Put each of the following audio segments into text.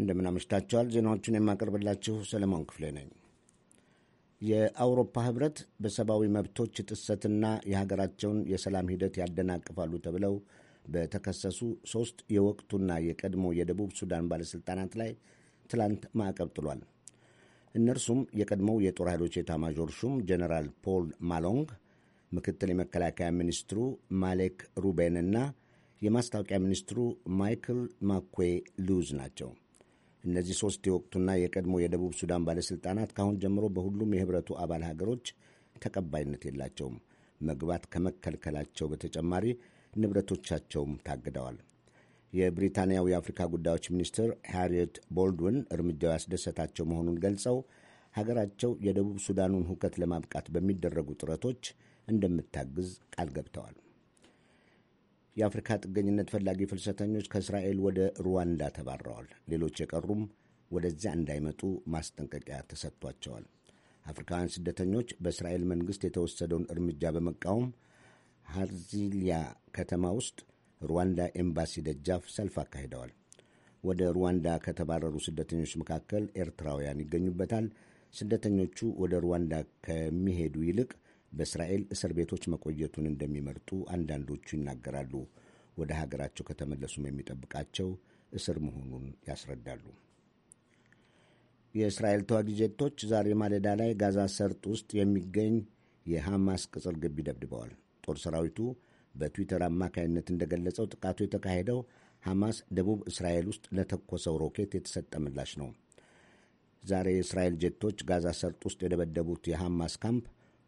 እንደምን አምሽታችኋል። ዜናዎቹን የማቀርብላችሁ ሰለሞን ክፍሌ ነኝ። የአውሮፓ ህብረት በሰብአዊ መብቶች ጥሰትና የሀገራቸውን የሰላም ሂደት ያደናቅፋሉ ተብለው በተከሰሱ ሦስት የወቅቱና የቀድሞ የደቡብ ሱዳን ባለሥልጣናት ላይ ትላንት ማዕቀብ ጥሏል። እነርሱም የቀድሞው የጦር ኃይሎች ኤታማዦር ሹም ጀነራል ፖል ማሎንግ፣ ምክትል የመከላከያ ሚኒስትሩ ማሌክ ሩቤንና የማስታወቂያ ሚኒስትሩ ማይክል ማኩዌ ሉዝ ናቸው። እነዚህ ሶስት የወቅቱና የቀድሞ የደቡብ ሱዳን ባለሥልጣናት ካሁን ጀምሮ በሁሉም የህብረቱ አባል ሀገሮች ተቀባይነት የላቸውም። መግባት ከመከልከላቸው በተጨማሪ ንብረቶቻቸውም ታግደዋል። የብሪታንያው የአፍሪካ ጉዳዮች ሚኒስትር ሃሪየት ቦልድዊን እርምጃው ያስደሰታቸው መሆኑን ገልጸው ሀገራቸው የደቡብ ሱዳኑን ሁከት ለማብቃት በሚደረጉ ጥረቶች እንደምታግዝ ቃል ገብተዋል። የአፍሪካ ጥገኝነት ፈላጊ ፍልሰተኞች ከእስራኤል ወደ ሩዋንዳ ተባረዋል። ሌሎች የቀሩም ወደዚያ እንዳይመጡ ማስጠንቀቂያ ተሰጥቷቸዋል። አፍሪካውያን ስደተኞች በእስራኤል መንግሥት የተወሰደውን እርምጃ በመቃወም ሃርዚሊያ ከተማ ውስጥ ሩዋንዳ ኤምባሲ ደጃፍ ሰልፍ አካሂደዋል። ወደ ሩዋንዳ ከተባረሩ ስደተኞች መካከል ኤርትራውያን ይገኙበታል። ስደተኞቹ ወደ ሩዋንዳ ከሚሄዱ ይልቅ በእስራኤል እስር ቤቶች መቆየቱን እንደሚመርጡ አንዳንዶቹ ይናገራሉ። ወደ ሀገራቸው ከተመለሱም የሚጠብቃቸው እስር መሆኑን ያስረዳሉ። የእስራኤል ተዋጊ ጀቶች ዛሬ ማለዳ ላይ ጋዛ ሰርጥ ውስጥ የሚገኝ የሐማስ ቅጽር ግቢ ደብድበዋል። ጦር ሰራዊቱ በትዊተር አማካይነት እንደገለጸው ጥቃቱ የተካሄደው ሐማስ ደቡብ እስራኤል ውስጥ ለተኮሰው ሮኬት የተሰጠ ምላሽ ነው። ዛሬ የእስራኤል ጀቶች ጋዛ ሰርጥ ውስጥ የደበደቡት የሐማስ ካምፕ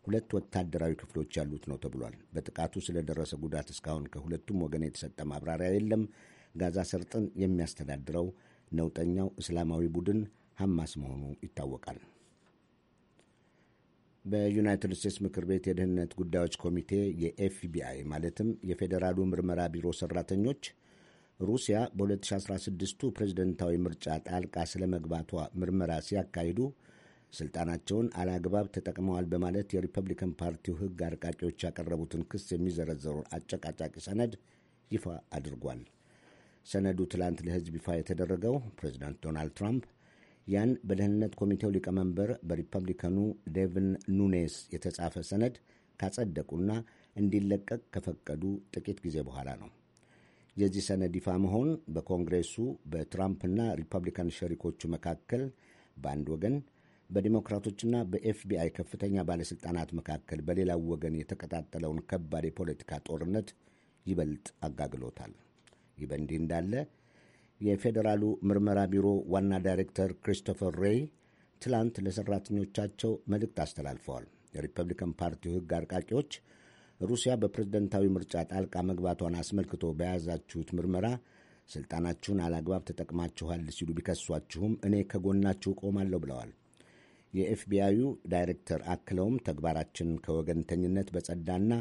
ሁለት ወታደራዊ ክፍሎች ያሉት ነው ተብሏል። በጥቃቱ ስለደረሰ ጉዳት እስካሁን ከሁለቱም ወገን የተሰጠ ማብራሪያ የለም። ጋዛ ሰርጥን የሚያስተዳድረው ነውጠኛው እስላማዊ ቡድን ሐማስ መሆኑ ይታወቃል። በዩናይትድ ስቴትስ ምክር ቤት የደህንነት ጉዳዮች ኮሚቴ የኤፍቢአይ ማለትም የፌዴራሉ ምርመራ ቢሮ ሰራተኞች ሩሲያ በ2016ቱ ፕሬዝደንታዊ ምርጫ ጣልቃ ስለመግባቷ ምርመራ ሲያካሂዱ ስልጣናቸውን አላግባብ ተጠቅመዋል በማለት የሪፐብሊካን ፓርቲው ሕግ አርቃቂዎች ያቀረቡትን ክስ የሚዘረዘሩን አጨቃጫቂ ሰነድ ይፋ አድርጓል። ሰነዱ ትላንት ለሕዝብ ይፋ የተደረገው ፕሬዚዳንት ዶናልድ ትራምፕ ያን በደህንነት ኮሚቴው ሊቀመንበር በሪፐብሊካኑ ዴቪን ኑኔስ የተጻፈ ሰነድ ካጸደቁና እንዲለቀቅ ከፈቀዱ ጥቂት ጊዜ በኋላ ነው። የዚህ ሰነድ ይፋ መሆን በኮንግሬሱ በትራምፕና ሪፐብሊካን ሸሪኮቹ መካከል በአንድ ወገን በዲሞክራቶችና በኤፍቢአይ ከፍተኛ ባለሥልጣናት መካከል በሌላው ወገን የተቀጣጠለውን ከባድ የፖለቲካ ጦርነት ይበልጥ አጋግሎታል። ይህ በእንዲህ እንዳለ የፌዴራሉ ምርመራ ቢሮ ዋና ዳይሬክተር ክሪስቶፈር ሬይ ትላንት ለሠራተኞቻቸው መልእክት አስተላልፈዋል። የሪፐብሊካን ፓርቲው ሕግ አርቃቂዎች ሩሲያ በፕሬዝደንታዊ ምርጫ ጣልቃ መግባቷን አስመልክቶ በያዛችሁት ምርመራ ስልጣናችሁን አላግባብ ተጠቅማችኋል ሲሉ ቢከሷችሁም እኔ ከጎናችሁ ቆማለሁ ብለዋል። የኤፍቢአዩ ዳይሬክተር አክለውም ተግባራችን ከወገንተኝነት በጸዳና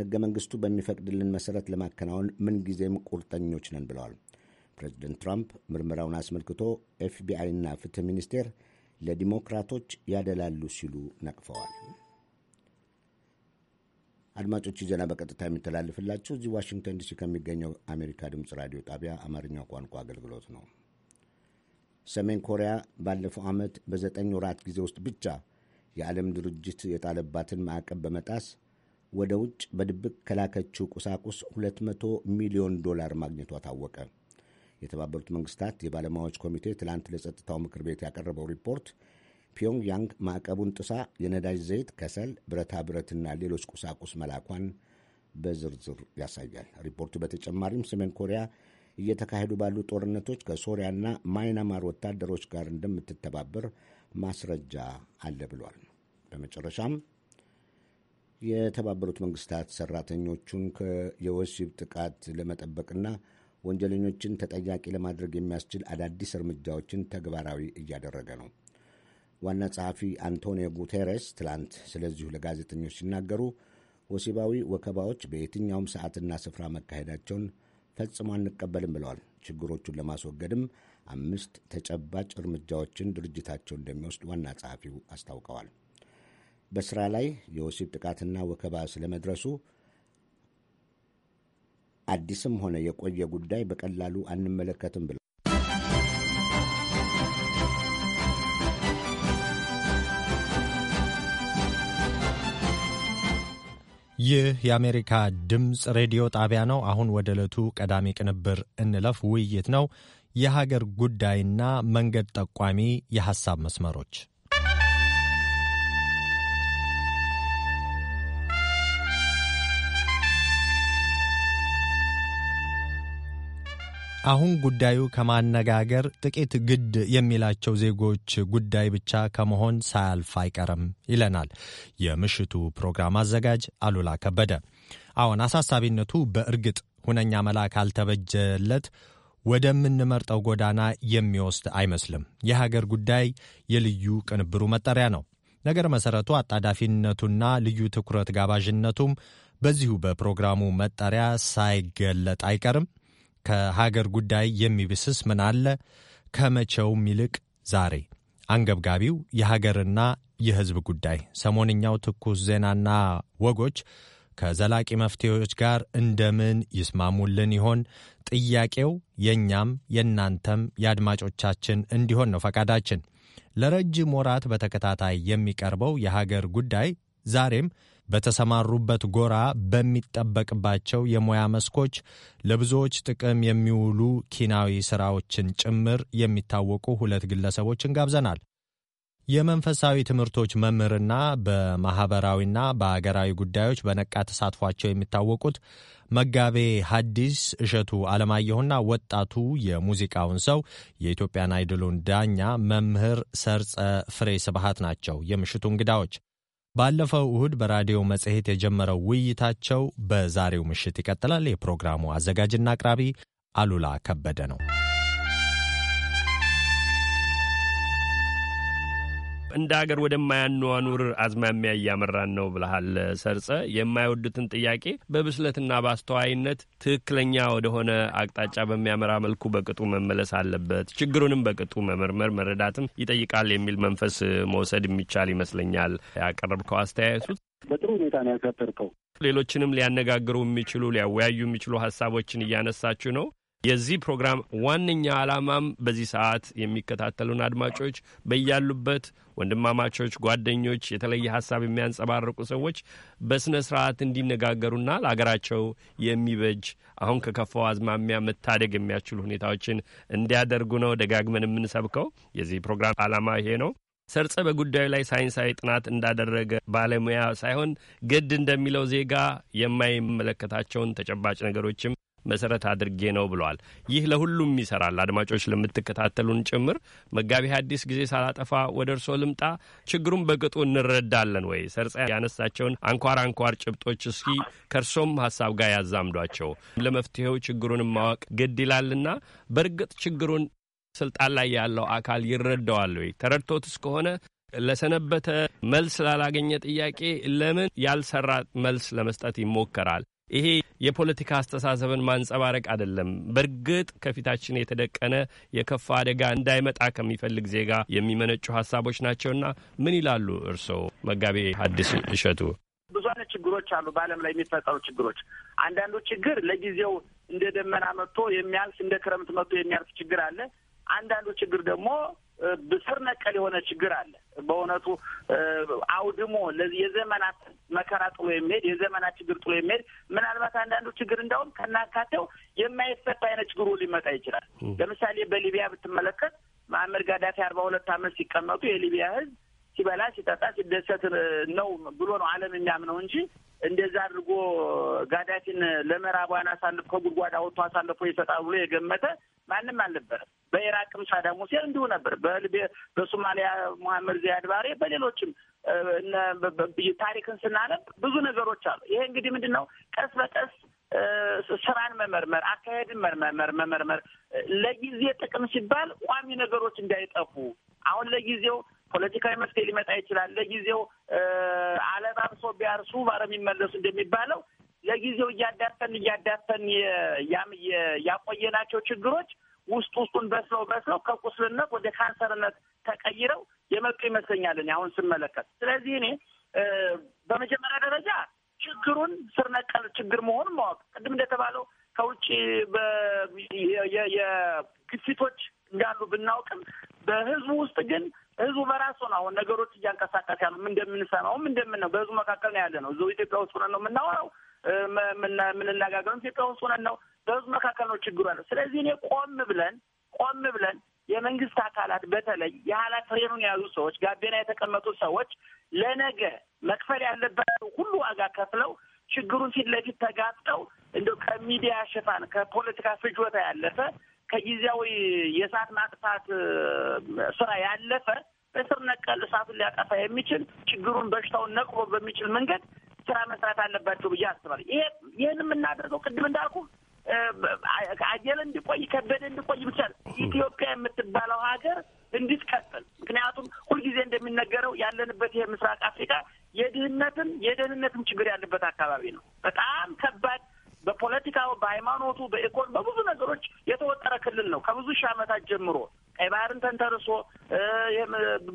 ሕገ መንግሥቱ በሚፈቅድልን መሠረት ለማከናወን ምንጊዜም ቁርጠኞች ነን ብለዋል። ፕሬዚደንት ትራምፕ ምርመራውን አስመልክቶ ኤፍቢአይና ፍትሕ ሚኒስቴር ለዲሞክራቶች ያደላሉ ሲሉ ነቅፈዋል። አድማጮች ዜና በቀጥታ የሚተላልፍላቸው እዚህ ዋሽንግተን ዲሲ ከሚገኘው አሜሪካ ድምፅ ራዲዮ ጣቢያ አማርኛው ቋንቋ አገልግሎት ነው። ሰሜን ኮሪያ ባለፈው ዓመት በዘጠኝ ወራት ጊዜ ውስጥ ብቻ የዓለም ድርጅት የጣለባትን ማዕቀብ በመጣስ ወደ ውጭ በድብቅ ከላከችው ቁሳቁስ 200 ሚሊዮን ዶላር ማግኘቷ ታወቀ። የተባበሩት መንግስታት የባለሙያዎች ኮሚቴ ትላንት ለጸጥታው ምክር ቤት ያቀረበው ሪፖርት ፒዮንግያንግ ማዕቀቡን ጥሳ የነዳጅ ዘይት፣ ከሰል፣ ብረታ ብረትና ሌሎች ቁሳቁስ መላኳን በዝርዝር ያሳያል። ሪፖርቱ በተጨማሪም ሰሜን ኮሪያ እየተካሄዱ ባሉ ጦርነቶች ከሶሪያና ማይናማር ወታደሮች ጋር እንደምትተባበር ማስረጃ አለ ብሏል። በመጨረሻም የተባበሩት መንግስታት ሰራተኞቹን የወሲብ ጥቃት ለመጠበቅና ወንጀለኞችን ተጠያቂ ለማድረግ የሚያስችል አዳዲስ እርምጃዎችን ተግባራዊ እያደረገ ነው። ዋና ጸሐፊ አንቶኒዮ ጉቴሬስ ትላንት ስለዚሁ ለጋዜጠኞች ሲናገሩ ወሲባዊ ወከባዎች በየትኛውም ሰዓትና ስፍራ መካሄዳቸውን ፈጽሞ አንቀበልም ብለዋል። ችግሮቹን ለማስወገድም አምስት ተጨባጭ እርምጃዎችን ድርጅታቸው እንደሚወስድ ዋና ጸሐፊው አስታውቀዋል። በስራ ላይ የወሲብ ጥቃትና ወከባ ስለመድረሱ አዲስም ሆነ የቆየ ጉዳይ በቀላሉ አንመለከትም ብለዋል። ይህ የአሜሪካ ድምፅ ሬዲዮ ጣቢያ ነው። አሁን ወደ ዕለቱ ቀዳሚ ቅንብር እንለፍ። ውይይት ነው። የሀገር ጉዳይና መንገድ ጠቋሚ የሐሳብ መስመሮች አሁን ጉዳዩ ከማነጋገር ጥቂት ግድ የሚላቸው ዜጎች ጉዳይ ብቻ ከመሆን ሳያልፍ አይቀርም ይለናል የምሽቱ ፕሮግራም አዘጋጅ አሉላ ከበደ። አሁን አሳሳቢነቱ በእርግጥ ሁነኛ መላ ካልተበጀለት ወደምንመርጠው ጎዳና የሚወስድ አይመስልም። የሀገር ጉዳይ የልዩ ቅንብሩ መጠሪያ ነው። ነገር መሠረቱ አጣዳፊነቱና ልዩ ትኩረት ጋባዥነቱም በዚሁ በፕሮግራሙ መጠሪያ ሳይገለጥ አይቀርም። ከሀገር ጉዳይ የሚብስስ ምን አለ? ከመቼውም ይልቅ ዛሬ አንገብጋቢው የሀገርና የሕዝብ ጉዳይ፣ ሰሞንኛው ትኩስ ዜናና ወጎች ከዘላቂ መፍትሄዎች ጋር እንደምን ይስማሙልን ይሆን? ጥያቄው የእኛም የእናንተም የአድማጮቻችን እንዲሆን ነው ፈቃዳችን። ለረጅም ወራት በተከታታይ የሚቀርበው የሀገር ጉዳይ ዛሬም በተሰማሩበት ጎራ በሚጠበቅባቸው የሙያ መስኮች ለብዙዎች ጥቅም የሚውሉ ኪናዊ ሥራዎችን ጭምር የሚታወቁ ሁለት ግለሰቦችን ጋብዘናል። የመንፈሳዊ ትምህርቶች መምህርና በማኅበራዊና በአገራዊ ጉዳዮች በነቃ ተሳትፏቸው የሚታወቁት መጋቤ ሐዲስ እሸቱ አለማየሁና ወጣቱ የሙዚቃውን ሰው የኢትዮጵያን አይድሉን ዳኛ መምህር ሰርጸ ፍሬ ስብሃት ናቸው የምሽቱ እንግዳዎች። ባለፈው እሁድ በራዲዮ መጽሔት የጀመረው ውይይታቸው በዛሬው ምሽት ይቀጥላል። የፕሮግራሙ አዘጋጅና አቅራቢ አሉላ ከበደ ነው። እንደ አገር ወደማያኗኑር አዝማሚያ እያመራን ነው ብልሃል ሰርጸ። የማይወዱትን ጥያቄ በብስለትና በአስተዋይነት ትክክለኛ ወደሆነ አቅጣጫ በሚያመራ መልኩ በቅጡ መመለስ አለበት፣ ችግሩንም በቅጡ መመርመር መረዳትም ይጠይቃል የሚል መንፈስ መውሰድ የሚቻል ይመስለኛል። ያቀረብከው አስተያየቱ በጥሩ ሁኔታ ነው ያቀረብከው። ሌሎችንም ሊያነጋግሩ የሚችሉ ሊያወያዩ የሚችሉ ሀሳቦችን እያነሳችሁ ነው። የዚህ ፕሮግራም ዋነኛ ዓላማም በዚህ ሰዓት የሚከታተሉን አድማጮች በያሉበት ወንድማማቾች፣ ጓደኞች፣ የተለየ ሀሳብ የሚያንጸባርቁ ሰዎች በስነ ስርዓት እንዲነጋገሩና ለአገራቸው የሚበጅ አሁን ከከፋው አዝማሚያ መታደግ የሚያስችሉ ሁኔታዎችን እንዲያደርጉ ነው ደጋግመን የምንሰብከው። የዚህ ፕሮግራም ዓላማ ይሄ ነው። ሰርጸ በጉዳዩ ላይ ሳይንሳዊ ጥናት እንዳደረገ ባለሙያ ሳይሆን ግድ እንደሚለው ዜጋ የማይመለከታቸውን ተጨባጭ ነገሮችም መሰረት አድርጌ ነው ብለዋል። ይህ ለሁሉም ይሰራል። አድማጮች ለምትከታተሉን ጭምር መጋቢ ሐዲስ ጊዜ ሳላጠፋ ወደ እርሶ ልምጣ። ችግሩን በቅጡ እንረዳለን ወይ? ሰርጸ ያነሳቸውን አንኳር አንኳር ጭብጦች እስኪ ከእርሶም ሀሳብ ጋር ያዛምዷቸው። ለመፍትሄው ችግሩን ማወቅ ግድ ይላልና በእርግጥ ችግሩን ስልጣን ላይ ያለው አካል ይረዳዋል ወይ? ተረድቶት እስከሆነ ለሰነበተ መልስ ላላገኘ ጥያቄ ለምን ያልሰራ መልስ ለመስጠት ይሞከራል? ይሄ የፖለቲካ አስተሳሰብን ማንጸባረቅ አይደለም። በእርግጥ ከፊታችን የተደቀነ የከፋ አደጋ እንዳይመጣ ከሚፈልግ ዜጋ የሚመነጩ ሀሳቦች ናቸውና ምን ይላሉ እርስዎ መጋቤ ሐዲስ እሸቱ? ብዙ አይነት ችግሮች አሉ በዓለም ላይ የሚፈጠሩ ችግሮች። አንዳንዱ ችግር ለጊዜው እንደ ደመና መጥቶ የሚያልፍ እንደ ክረምት መጥቶ የሚያልፍ ችግር አለ። አንዳንዱ ችግር ደግሞ ብስር ነቀል የሆነ ችግር አለ። በእውነቱ አውድሞ የዘመናት መከራ ጥሎ የሚሄድ የዘመናት ችግር ጥሎ የሚሄድ ምናልባት አንዳንዱ ችግር እንዳውም ከናካቴው የማይፈታ አይነት ችግሩ ሊመጣ ይችላል። ለምሳሌ በሊቢያ ብትመለከት መሐመድ ጋዳፊ አርባ ሁለት ዓመት ሲቀመጡ የሊቢያ ህዝብ ሲበላ ሲጠጣ ሲደሰት ነው ብሎ ነው ዓለም የሚያምነው እንጂ እንደዛ አድርጎ ጋዳፊን ለምዕራባውያን አሳልፎ ከጉድጓድ አውጥቶ አሳልፎ ይሰጣል ብሎ የገመተ ማንም አልነበረም። በኢራቅም ሳዳም ሁሴን እንዲሁ ነበር። በሶማሊያ መሐመድ ዚያድ ባሬ፣ በሌሎችም ታሪክን ስናነብ ብዙ ነገሮች አሉ። ይሄ እንግዲህ ምንድን ነው ቀስ በቀስ ስራን መመርመር፣ አካሄድን መመርመር መመርመር ለጊዜ ጥቅም ሲባል ቋሚ ነገሮች እንዳይጠፉ አሁን ለጊዜው ፖለቲካዊ መፍትሄ ሊመጣ ይችላል። ለጊዜው አለባብሶ ቢያርሱ ባረ የሚመለሱ እንደሚባለው ለጊዜው እያዳፈን እያዳፈን ያቆየናቸው ችግሮች ውስጥ ውስጡን በስለው በስለው ከቁስልነት ወደ ካንሰርነት ተቀይረው የመጡ ይመስለኛል እኔ አሁን ስመለከት። ስለዚህ እኔ በመጀመሪያ ደረጃ ችግሩን ስር ነቀል ችግር መሆኑን ማወቅ ቅድም እንደተባለው ከውጭ የግፊቶች እንዳሉ ብናውቅም በህዝቡ ውስጥ ግን ህዝቡ በራሱ ነው አሁን ነገሮች እያንቀሳቀስ ያሉ እንደምንሰማውም እንደምንነው ነው በህዝቡ መካከል ነው ያለ ነው። እዚሁ ኢትዮጵያ ውስጥ ሆነን ነው የምናወራው የምንነጋገረው ኢትዮጵያ ውስጥ ሆነን ነው። በህዝቡ መካከል ነው ችግሩ ያለው። ስለዚህ እኔ ቆም ብለን ቆም ብለን የመንግስት አካላት በተለይ የኋላ ፍሬኑን የያዙ ሰዎች፣ ጋቤና የተቀመጡ ሰዎች ለነገ መክፈል ያለባቸው ሁሉ ዋጋ ከፍለው ችግሩን ፊት ለፊት ተጋፍጠው እንደው ከሚዲያ ሽፋን ከፖለቲካ ፍጆታ ያለፈ ከጊዜያዊ የእሳት ማጥፋት ስራ ያለፈ በስር ነቀል እሳቱን ሊያጠፋ የሚችል ችግሩን፣ በሽታውን ነቅሮ በሚችል መንገድ ስራ መስራት አለባቸው ብዬ አስባለሁ። ይሄ ይህን የምናደርገው ቅድም እንዳልኩ አየለ እንዲቆይ ከበደ እንዲቆይ ብቻ ኢትዮጵያ የምትባለው ሀገር እንዲትቀጥል ምክንያቱም ሁልጊዜ እንደሚነገረው ያለንበት ይሄ ምስራቅ አፍሪካ የድህነትም የደህንነትም ችግር ያለበት አካባቢ ነው። በጣም ከባድ በፖለቲካው፣ በሃይማኖቱ፣ በኢኮኖ በብዙ ነገሮች የተወጠረ ክልል ነው። ከብዙ ሺህ ዓመታት ጀምሮ ቀይ ባህርን ተንተርሶ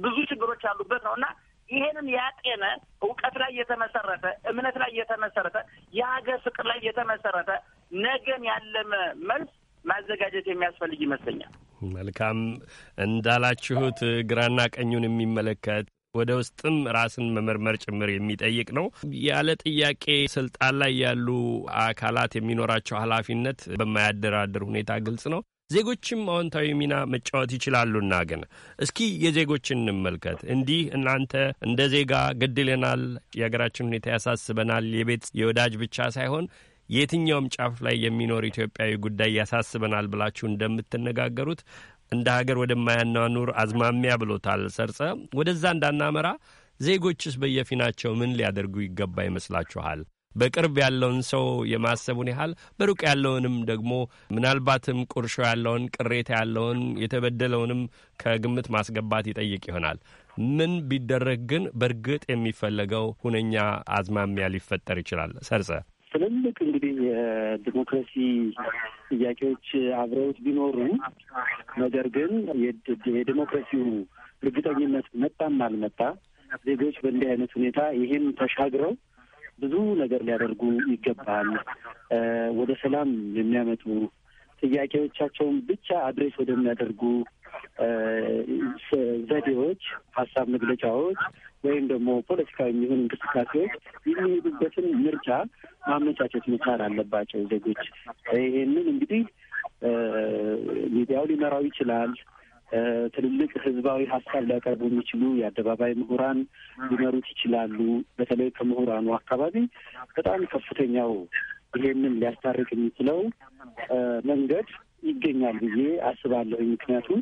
ብዙ ችግሮች ያሉበት ነው እና ይሄንን ያጤነ እውቀት ላይ የተመሰረተ እምነት ላይ የተመሰረተ የሀገር ፍቅር ላይ የተመሰረተ ነገን ያለመ መልስ ማዘጋጀት የሚያስፈልግ ይመስለኛል። መልካም እንዳላችሁት ግራና ቀኙን የሚመለከት ወደ ውስጥም ራስን መመርመር ጭምር የሚጠይቅ ነው። ያለ ጥያቄ ስልጣን ላይ ያሉ አካላት የሚኖራቸው ኃላፊነት በማያደራድር ሁኔታ ግልጽ ነው። ዜጎችም አዎንታዊ ሚና መጫወት ይችላሉና ግን እስኪ የዜጎችን እንመልከት። እንዲህ እናንተ እንደ ዜጋ ግድ ይለናል፣ የሀገራችን ሁኔታ ያሳስበናል፣ የቤት የወዳጅ ብቻ ሳይሆን የትኛውም ጫፍ ላይ የሚኖር ኢትዮጵያዊ ጉዳይ ያሳስበናል ብላችሁ እንደምትነጋገሩት እንደ ሀገር ወደማያናኑር አዝማሚያ ብሎታል ሰርጸ። ወደዛ እንዳናመራ ዜጎችስ በየፊናቸው ምን ሊያደርጉ ይገባ ይመስላችኋል? በቅርብ ያለውን ሰው የማሰቡን ያህል በሩቅ ያለውንም ደግሞ ምናልባትም ቁርሾ ያለውን ቅሬታ ያለውን የተበደለውንም ከግምት ማስገባት ይጠይቅ ይሆናል። ምን ቢደረግ ግን በእርግጥ የሚፈለገው ሁነኛ አዝማሚያ ሊፈጠር ይችላል? ሰርጸ ትልልቅ እንግዲህ የዲሞክራሲ ጥያቄዎች አብረውት ቢኖሩ ነገር ግን የዲሞክራሲው እርግጠኝነት መጣም አልመጣ ዜጎች በእንዲህ አይነት ሁኔታ ይህን ተሻግረው ብዙ ነገር ሊያደርጉ ይገባል። ወደ ሰላም የሚያመጡ ጥያቄዎቻቸውን ብቻ አድሬስ ወደሚያደርጉ ዘዴዎች፣ ሀሳብ መግለጫዎች ወይም ደግሞ ፖለቲካዊ የሚሆን እንቅስቃሴዎች የሚሄዱበትን ምርጫ ማመቻቸት መቻል አለባቸው ዜጎች። ይህንን እንግዲህ ሚዲያው ሊመራው ይችላል። ትልልቅ ህዝባዊ ሀሳብ ሊያቀርቡ የሚችሉ የአደባባይ ምሁራን ሊመሩት ይችላሉ። በተለይ ከምሁራኑ አካባቢ በጣም ከፍተኛው ይሄንን ሊያስታርቅ የሚችለው መንገድ ይገኛል ብዬ አስባለሁ። ምክንያቱም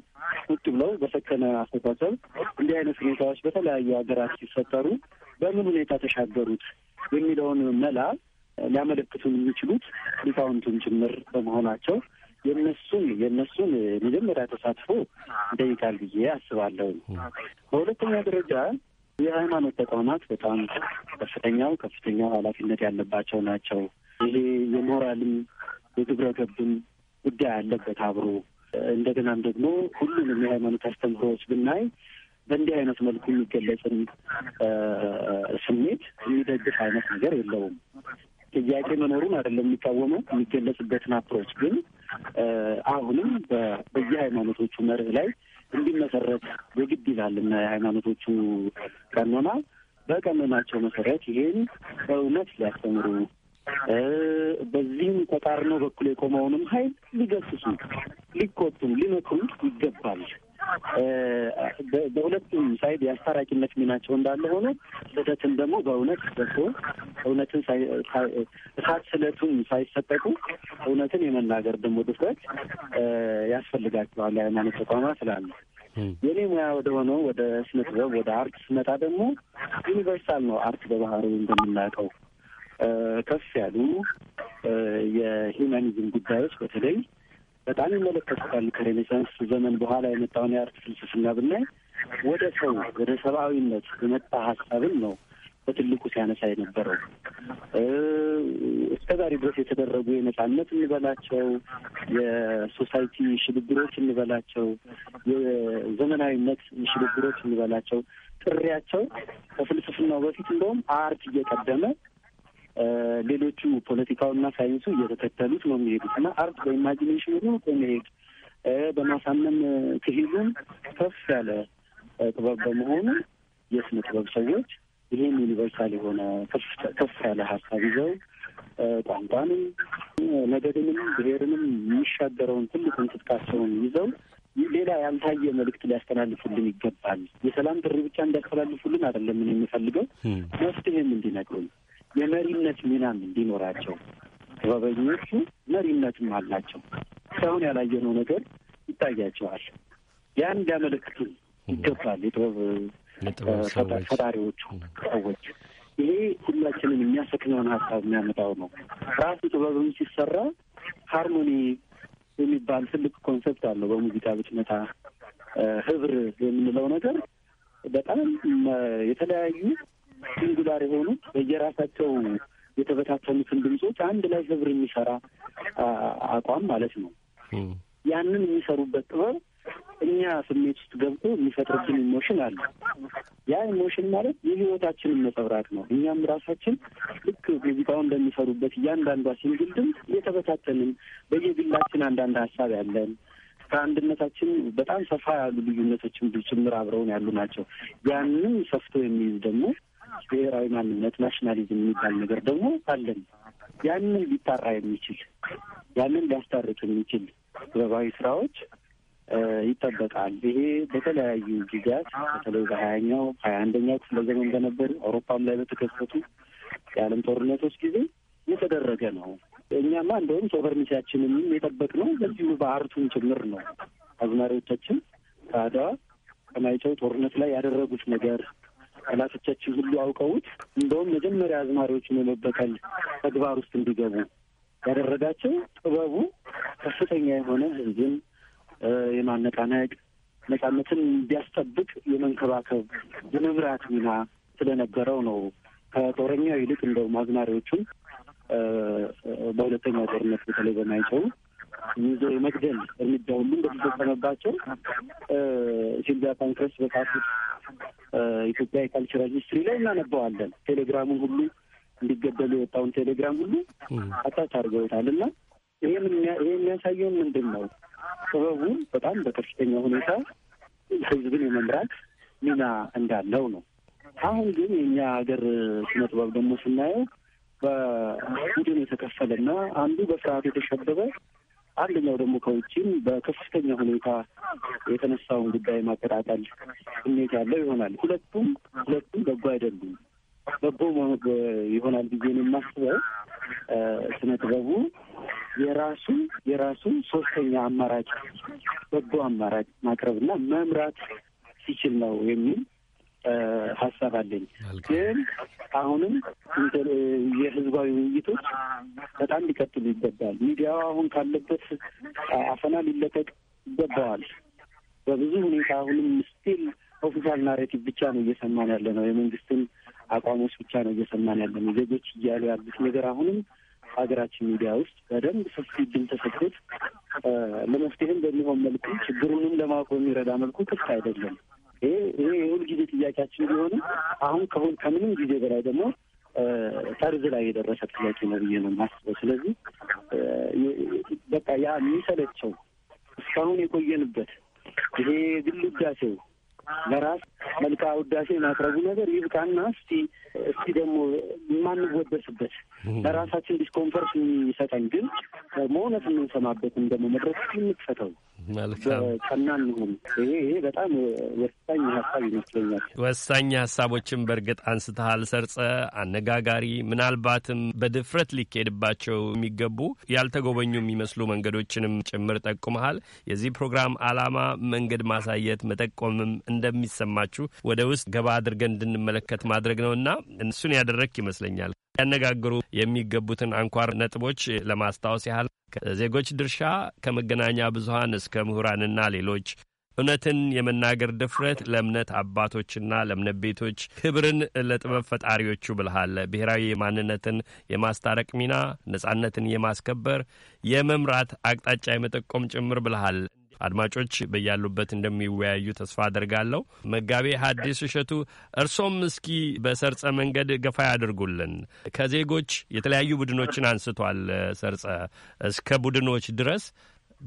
ቁጭ ብለው በሰከነ አስተሳሰብ እንዲህ አይነት ሁኔታዎች በተለያዩ ሀገራት ሲፈጠሩ በምን ሁኔታ ተሻገሩት የሚለውን መላ ሊያመለክቱን የሚችሉት ሊቃውንቱን ጭምር በመሆናቸው የነሱን የነሱን መጀመሪያ ተሳትፎ ይጠይቃል ብዬ አስባለሁ። በሁለተኛ ደረጃ የሃይማኖት ተቋማት በጣም ከፍተኛው ከፍተኛው ኃላፊነት ያለባቸው ናቸው። ይሄ የሞራልም የግብረ ገብም ጉዳይ አለበት አብሮ። እንደገናም ደግሞ ሁሉንም የሃይማኖት አስተምህሮዎች ብናይ በእንዲህ አይነት መልኩ የሚገለጽን ስሜት የሚደግፍ አይነት ነገር የለውም። ጥያቄ መኖሩን አይደለም የሚቃወመው፣ የሚገለጽበትን አፕሮች ግን አሁንም በየሃይማኖቶቹ መርህ ላይ እንዲመሰረት የግድ ይላልና የሃይማኖቶቹ ቀኖና በቀኖናቸው መሰረት ይሄን በእውነት ሊያስተምሩ በዚህም ተቃርኖ በኩል የቆመውንም ኃይል ሊገስሱ ሊቆጡም፣ ሊመክሩ ይገባል። በሁለቱም ሳይድ የአስታራቂነት ሚናቸው እንዳለ ሆኖ ስህተትን ደግሞ በእውነት ደርሶ እውነትን እሳት ስለቱን ሳይሰጠቁ እውነትን የመናገር ደግሞ ድፍረት ያስፈልጋቸዋል የሃይማኖት ተቋማት ስላለ። የኔ ሙያ ወደ ሆነው ወደ ስነ ጥበብ ወደ አርት ስመጣ ደግሞ ዩኒቨርሳል ነው አርት በባህሩ እንደምናውቀው ከፍ ያሉ የሂውማኒዝም ጉዳዮች በተለይ በጣም ይመለከቱታል። ከሬኔሳንስ ዘመን በኋላ የመጣውን የአርት ፍልስፍና ብናይ ወደ ሰው ወደ ሰብአዊነት የመጣ ሀሳብን ነው በትልቁ ሲያነሳ የነበረው። እስከ ዛሬ ድረስ የተደረጉ የነጻነት እንበላቸው፣ የሶሳይቲ ሽግግሮች እንበላቸው፣ የዘመናዊነት ሽግግሮች እንበላቸው ጥሪያቸው ከፍልስፍናው በፊት እንደውም አርት እየቀደመ ሌሎቹ ፖለቲካውና ሳይንሱ እየተከተሉት ነው የሚሄዱት እና አርት በኢማጂኔሽኑ ከመሄድ በማሳመን ክሂሉን ከፍ ያለ ጥበብ በመሆኑ የስነ ጥበብ ሰዎች ይህም ዩኒቨርሳል የሆነ ከፍ ያለ ሀሳብ ይዘው ቋንቋንም፣ ነገድንም፣ ብሔርንም የሚሻገረውን ትልቅ ትጥቃቸውን ይዘው ሌላ ያልታየ መልእክት ሊያስተላልፉልን ይገባል። የሰላም ጥሪ ብቻ እንዲያስተላልፉልን አይደለም የምፈልገው መፍትሄም እንዲነግሩኝ የመሪነት ሚናም እንዲኖራቸው ጥበበኞቹ መሪነትም አላቸው። እስካሁን ያላየነው ነገር ይታያቸዋል። ያን ሊያመለክቱ ይገባል የጥበብ ፈጣሪዎቹ ሰዎች። ይሄ ሁላችንም የሚያሰክነውን ሀሳብ የሚያመጣው ነው። ራሱ ጥበብም ሲሰራ ሀርሞኒ የሚባል ትልቅ ኮንሰፕት አለው። በሙዚቃ ብትመጣ ህብር የምንለው ነገር በጣም የተለያዩ ሲንጉላር የሆኑ በየራሳቸው የተበታተኑትን ድምፆች አንድ ላይ ህብር የሚሰራ አቋም ማለት ነው። ያንን የሚሰሩበት ጥበብ እኛ ስሜት ውስጥ ገብቶ የሚፈጥርብን ኢሞሽን አለ። ያ ኢሞሽን ማለት የህይወታችንን ነጸብራቅ ነው። እኛም ራሳችን ልክ ሙዚቃው እንደሚሰሩበት እያንዳንዷ ሲንግል ድምፅ እየተበታተንን በየግላችን አንዳንድ ሀሳብ ያለን ከአንድነታችን በጣም ሰፋ ያሉ ልዩነቶችን ጭምር አብረውን ያሉ ናቸው። ያንን ሰፍቶ የሚይዝ ደግሞ ብሔራዊ ማንነት ናሽናሊዝም የሚባል ነገር ደግሞ አለን። ያንን ሊጣራ የሚችል ያንን ሊያስታርቅ የሚችል ጥበባዊ ስራዎች ይጠበቃል። ይሄ በተለያዩ ጊዜያት በተለይ በሀያኛው ሀያ አንደኛው ክፍለ ዘመን በነበር አውሮፓም ላይ በተከሰቱ የዓለም ጦርነቶች ጊዜ የተደረገ ነው። እኛማ እንደውም ሶቨርኒቲያችንን ነው በዚሁ በአርቱን ጭምር ነው። አዝማሪዎቻችን ከአድዋ ከማይጨው ጦርነት ላይ ያደረጉት ነገር ጠላቶቻችን ሁሉ አውቀውት እንደውም መጀመሪያ አዝማሪዎችን የመበቀል ተግባር ውስጥ እንዲገቡ ያደረጋቸው ጥበቡ ከፍተኛ የሆነ ህዝብን የማነቃነቅ ነጻነትን እንዲያስጠብቅ የመንከባከብ የመምራት ሚና ስለነበረው ነው። ከጦረኛው ይልቅ እንደውም አዝማሪዎቹን በሁለተኛ ጦርነት በተለይ በማይጨው ይዞ የመግደል እርምጃ ሁሉ እንደተፈጸመባቸው ሲልቪያ ፓንክረስ በጻፉት ኢትዮጵያ የካልቸራል ሂስትሪ ላይ እናነበዋለን። ቴሌግራሙን ሁሉ እንዲገደሉ የወጣውን ቴሌግራም ሁሉ አታች አድርገውታል እና ይህ የሚያሳየውን ምንድን ነው? ጥበቡን በጣም በከፍተኛ ሁኔታ ህዝብን የመምራት ሚና እንዳለው ነው። አሁን ግን የእኛ ሀገር ስነ ጥበብ ደግሞ ስናየው በቡድን የተከፈለና አንዱ በፍርሃት የተሸበበ አንደኛው ደግሞ ከውጭም በከፍተኛ ሁኔታ የተነሳውን ጉዳይ ማቀጣጠል ስሜት ያለው ይሆናል። ሁለቱም ሁለቱም በጎ አይደሉም። በጎ ይሆናል ጊዜን የማስበው ስነ ጥበቡ የራሱ የራሱ ሶስተኛ አማራጭ በጎ አማራጭ ማቅረብና መምራት ሲችል ነው የሚል ሀሳብ አለኝ። ግን አሁንም የህዝባዊ ውይይቶች በጣም ሊቀጥሉ ይገባል። ሚዲያው አሁን ካለበት አፈና ሊለቀቅ ይገባዋል። በብዙ ሁኔታ አሁንም ስቲል ኦፊሻል ናሬቲቭ ብቻ ነው እየሰማን ያለ ነው። የመንግስትን አቋሞች ብቻ ነው እየሰማን ያለ ነው። ዜጎች እያሉ ያሉት ነገር አሁንም ሀገራችን ሚዲያ ውስጥ በደንብ ሰፊ ድል ተሰጥቶት ለመፍትሄም በሚሆን መልኩ ችግሩንም ለማቆም በሚረዳ መልኩ ክፍት አይደለም። ይሄ የሁልጊዜ ጥያቄያችን ቢሆንም አሁን ከሁን ከምንም ጊዜ በላይ ደግሞ ተርዝ ላይ የደረሰ ጥያቄ ነው ብዬ ነው የማስበው። ስለዚህ በቃ ያ የሚሰለቸው እስካሁን የቆየንበት ይሄ ግል ውዳሴው ለራስ መልካ ውዳሴ ማቅረቡ ነገር ይብቃና እስቲ እስቲ ደግሞ የማንወደስበት ለራሳችን ዲስኮንፈርት የሚሰጠን ግን ደግሞ እውነት የምንሰማበትም ደግሞ መድረክ የምትፈተው ቀና ይሄ በጣም ወሳኝ ሀሳብ ይመስለኛል። ወሳኝ ሀሳቦችን በእርግጥ አንስተሃል። ሰርጸ አነጋጋሪ፣ ምናልባትም በድፍረት ሊካሄድባቸው የሚገቡ ያልተጎበኙ የሚመስሉ መንገዶችንም ጭምር ጠቁመሃል። የዚህ ፕሮግራም ዓላማ መንገድ ማሳየት መጠቆምም እንደሚሰማችሁ ወደ ውስጥ ገባ አድርገን እንድንመለከት ማድረግ ነው እና እሱን ያደረግክ ይመስለኛል። ያነጋግሩ የሚገቡትን አንኳር ነጥቦች ለማስታወስ ያህል ከዜጎች ድርሻ ከመገናኛ ብዙሃን እስከ ምሁራንና ሌሎች እውነትን የመናገር ድፍረት ለእምነት አባቶችና ለእምነት ቤቶች ክብርን ለጥበብ ፈጣሪዎቹ ብልሃለ ብሔራዊ የማንነትን የማስታረቅ ሚና ነጻነትን የማስከበር የመምራት አቅጣጫ የመጠቆም ጭምር ብልሃል አድማጮች በያሉበት እንደሚወያዩ ተስፋ አድርጋለሁ። መጋቤ ሐዲስ እሸቱ እርሶም እስኪ በሰርጸ መንገድ ገፋ ያድርጉልን። ከዜጎች የተለያዩ ቡድኖችን አንስቷል ሰርጸ እስከ ቡድኖች ድረስ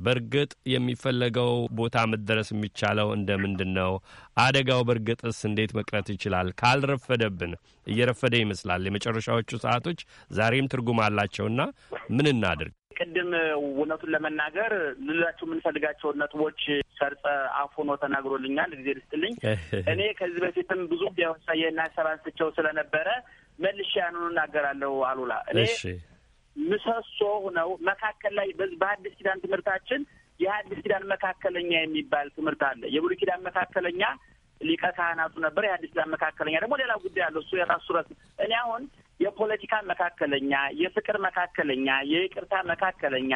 በእርግጥ የሚፈለገው ቦታ መደረስ የሚቻለው እንደ ምንድን ነው? አደጋው በእርግጥስ እንዴት መቅረት ይችላል? ካልረፈደብን እየረፈደ ይመስላል። የመጨረሻዎቹ ሰዓቶች ዛሬም ትርጉም አላቸውና ምን እናድርግ? ቅድም እውነቱን ለመናገር ልላችሁ የምንፈልጋቸው ነጥቦች ሰርጸ አፍ ሆኖ ተናግሮልኛል። ጊዜ ልስጥልኝ። እኔ ከዚህ በፊትም ብዙ ያወሳየና ሰባስቸው ስለነበረ መልሼ ያንኑ እናገራለሁ። አሉላ እኔ ምሰሶ ነው። መካከል ላይ በአዲስ ኪዳን ትምህርታችን የአዲስ ኪዳን መካከለኛ የሚባል ትምህርት አለ። የብሉይ ኪዳን መካከለኛ ሊቀ ካህናቱ ነበር። የአዲስ ኪዳን መካከለኛ ደግሞ ሌላ ጉዳይ አለው። እሱ የራሱ ረት እኔ አሁን የፖለቲካ መካከለኛ፣ የፍቅር መካከለኛ፣ የይቅርታ መካከለኛ፣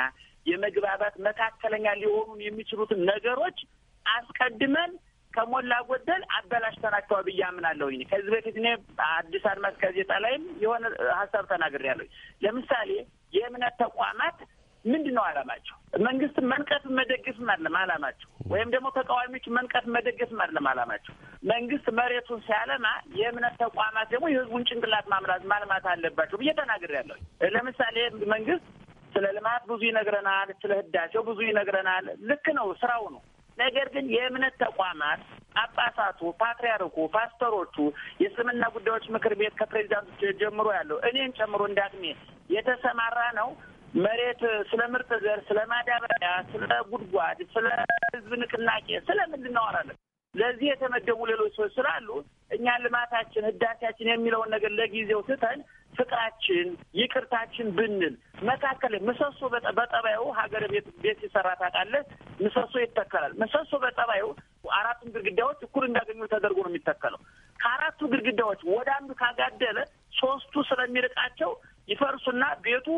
የመግባባት መካከለኛ ሊሆኑን የሚችሉትን ነገሮች አስቀድመን ከሞላ ጎደል አበላሽተናቸዋል ብዬ አምናለሁኝ። ከዚህ በፊት እኔ አዲስ አድማስ ጋዜጣ ላይም የሆነ ሀሳብ ተናግሬያለሁኝ። ለምሳሌ የእምነት ተቋማት ምንድን ነው አላማቸው? መንግስትን መንቀፍ መደገፍም አይደለም አላማቸው። ወይም ደግሞ ተቃዋሚዎች መንቀፍ መደገፍም አይደለም አላማቸው። መንግስት መሬቱን ሲያለማ የእምነት ተቋማት ደግሞ የህዝቡን ጭንቅላት ማምራት ማልማት አለባቸው ብዬ ተናግሬያለሁ። ለምሳሌ መንግስት ስለ ልማት ብዙ ይነግረናል፣ ስለ ህዳሴው ብዙ ይነግረናል። ልክ ነው፣ ስራው ነው። ነገር ግን የእምነት ተቋማት ጳጳሳቱ፣ ፓትሪያርኩ፣ ፓስተሮቹ፣ የእስልምና ጉዳዮች ምክር ቤት ከፕሬዚዳንቱ ጀምሮ ያለው እኔን ጨምሮ እንደ የተሰማራ ነው። መሬት ስለ ምርጥ ዘር፣ ስለ ማዳበሪያ፣ ስለ ጉድጓድ፣ ስለ ህዝብ ንቅናቄ ስለምን እናወራለን? ለዚህ የተመደቡ ሌሎች ሰዎች ስላሉ እኛ ልማታችን፣ ህዳሴያችን የሚለውን ነገር ለጊዜው ትተን ፍቅራችን፣ ይቅርታችን ብንል መካከል ምሰሶ በጠባዩ ሀገር ቤት ቤት ሲሰራ ታውቃለህ፣ ምሰሶ ይተከላል። ምሰሶ በጠባዩ አራቱን ግድግዳዎች እኩል እንዳገኙ ተደርጎ ነው የሚተከለው። ከአራቱ ግድግዳዎች ወደ አንዱ ካጋደለ ሶስቱ ስለሚርቃቸው ይፈርሱና ቤቱ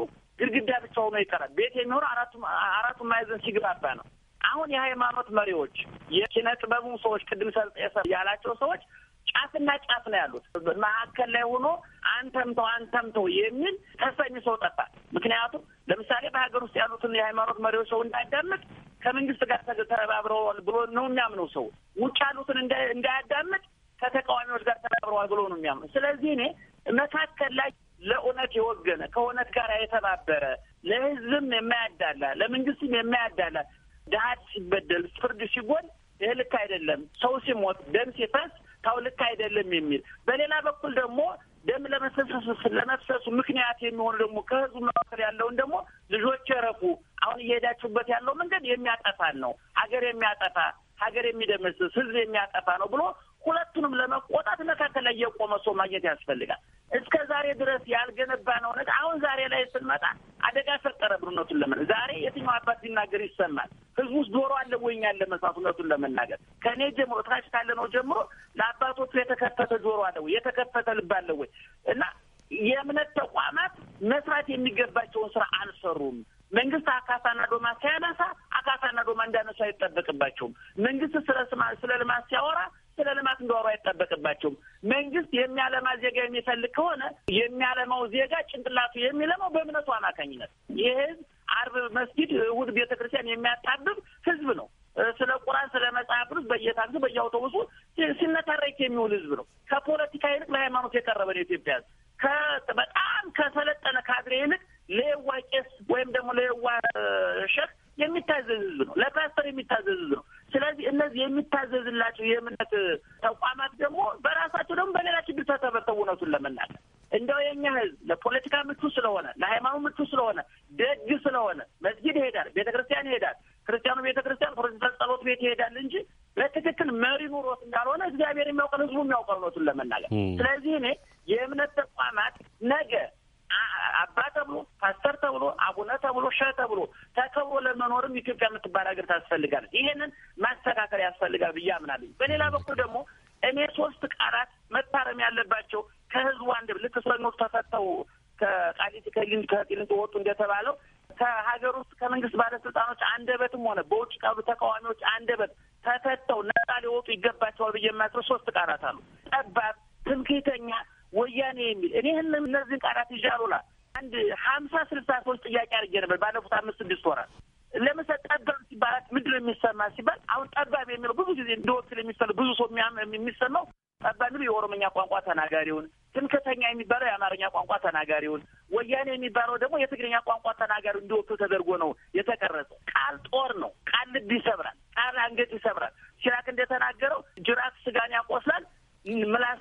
ግድግዳ ብቻ ሆኖ ይቀራል። ቤት የሚሆነው አራቱ አራቱ ማዕዘን ሲግባባ ነው። አሁን የሃይማኖት መሪዎች የኪነ ጥበቡ ሰዎች ቅድም ሰልጥ ያላቸው ሰዎች ጫፍና ጫፍ ነው ያሉት። መካከል ላይ ሆኖ አንተምተው አንተምተው የሚል ተሰሚ ሰው ጠፋ። ምክንያቱም ለምሳሌ በሀገር ውስጥ ያሉትን የሃይማኖት መሪዎች ሰው እንዳያዳምጥ ከመንግስት ጋር ተባብረዋል ብሎ ነው የሚያምነው። ሰው ውጭ ያሉትን እንዳያዳምጥ ከተቃዋሚዎች ጋር ተባብረዋል ብሎ ነው የሚያምነው። ስለዚህ እኔ መካከል ላይ ለእውነት የወገነ ከእውነት ጋር የተባበረ ለህዝብም የማያዳላ ለመንግስትም የማያዳላ ድሀ ሲበደል ፍርድ ሲጎል ይህ ልክ አይደለም። ሰው ሲሞት ደም ሲፈስ ተው ልክ አይደለም የሚል በሌላ በኩል ደግሞ ደም ለመሰሰሱ ለመፍሰሱ ምክንያት የሚሆኑ ደግሞ ከህዝቡ መካከል ያለውን ደግሞ ልጆች ረፉ አሁን እየሄዳችሁበት ያለው መንገድ የሚያጠፋን ነው ሀገር የሚያጠፋ ሀገር የሚደመስስ ህዝብ የሚያጠፋ ነው ብሎ ሁለቱንም ለመቆጣት መካከል ላይ የቆመ ሰው ማግኘት ያስፈልጋል። እስከ ዛሬ ድረስ ያልገነባ ነው ነገር አሁን ዛሬ ላይ ስንመጣ አደጋ ፈጠረ ብርነቱን ለመ ዛሬ የትኛው አባት ሲናገር ይሰማል። ህዝቡ ውስጥ ጆሮ አለ ወይኛ አለ መስማት ለመናገር ከእኔ ጀምሮ ታች ካለ ነው ጀምሮ ለአባቶቹ የተከፈተ ጆሮ አለ ወይ የተከፈተ ልብ አለ ወይ እና የእምነት ተቋማት መስራት የሚገባቸውን ስራ አልሰሩም። መንግስት አካሳና ዶማ ሲያነሳ አካሳና ዶማ እንዳነሳ አይጠበቅባቸውም። መንግስት ስለ ስለ ልማት ሲያወራ ስለ ልማት እንዲያወሩ አይጠበቅባቸውም። መንግስት የሚያለማ ዜጋ የሚፈልግ ከሆነ የሚያለማው ዜጋ ጭንቅላቱ የሚለማው በእምነቱ አማካኝነት ይህ ህዝብ አርብ መስጊድ፣ እሑድ ቤተ ክርስቲያን የሚያጣብብ ህዝብ ነው። ስለ ቁራን፣ ስለ መጽሐፍ ቅዱስ በየታክሱ በየአውቶቡሱ ሲነታረክ የሚውል ህዝብ ነው። ከፖለቲካ ይልቅ ለሃይማኖት የቀረበ ነው ኢትዮጵያ ህዝብ በጣም ከሰለጠነ ካድሬ ይልቅ ለየዋ ቄስ ወይም ደግሞ ለየዋ ሸክ የሚታዘዝ ህዝብ ነው። ለፓስተር የሚታዘዝ ህዝብ ነው። ስለዚህ እነዚህ የሚታዘዝላቸው የእምነት ተቋማት ደግሞ በራሳቸው ደግሞ በሌላ ችግር ተተበተቡ። እውነቱን ለመናገር እንደው የኛ ህዝብ ለፖለቲካ ምቹ ስለሆነ፣ ለሃይማኖት ምቹ ስለሆነ፣ ደግ ስለሆነ መስጊድ ይሄዳል፣ ቤተ ክርስቲያን ይሄዳል፣ ክርስቲያኑ ቤተ ክርስቲያን ፕሮቴስታንት ጸሎት ቤት ይሄዳል እንጂ በትክክል መሪ ኑሮት እንዳልሆነ እግዚአብሔር የሚያውቀን ህዝቡ የሚያውቀው እውነቱን ለመናገር ስለዚህ እኔ የእምነት ተቋማት ነገ አባ ተብሎ ፓስተር ተብሎ አቡነ ተብሎ ሸ ተብሎ ተከብሮ ለመኖርም ኢትዮጵያ የምትባል ሀገር ታስፈልጋለች። ይሄንን ማስተካከል ያስፈልጋል ብዬ አምናለኝ። በሌላ በኩል ደግሞ እኔ ሶስት ቃላት መታረም ያለባቸው ከህዝቡ አንድ ልክ እስረኞች ተፈተው ከቃሊቲ ከሊን ከቂሊንጦ ወጡ እንደተባለው ከሀገር ውስጥ ከመንግስት ባለስልጣኖች አንደበትም ሆነ በውጭ ካሉ ተቃዋሚዎች አንደበት ተፈተው ነጻ ሊወጡ ይገባቸዋል ብዬ የማስበው ሶስት ቃላት አሉ። ጠባብ ትምክህተኛ ወያኔ የሚል እኔ ህን እነዚህን ቃላት ይዣሉላ አንድ ሀምሳ ስልሳ ሰዎች ጥያቄ አድርጌ ነበር ባለፉት አምስት ስድስት ወራት። ለምሳ ጠባብ ሲባላት ምንድን ነው የሚሰማ ሲባል አሁን ጠባብ የሚለው ብዙ ጊዜ እንደወክል የሚፈል ብዙ ሰው የሚሰማው ጠባብ የሚለው የኦሮምኛ ቋንቋ ተናጋሪውን፣ ትምክህተኛ የሚባለው የአማርኛ ቋንቋ ተናጋሪውን፣ ወያኔ የሚባለው ደግሞ የትግርኛ ቋንቋ ተናጋሪው እንዲወክል ተደርጎ ነው የተቀረጸ። ቃል ጦር ነው። ቃል ልብ ይሰብራል። ቃል አንገት ይሰብራል። ሲራክ እንደተናገረው ጅራት ስጋን ያቆስላል፣ ምላስ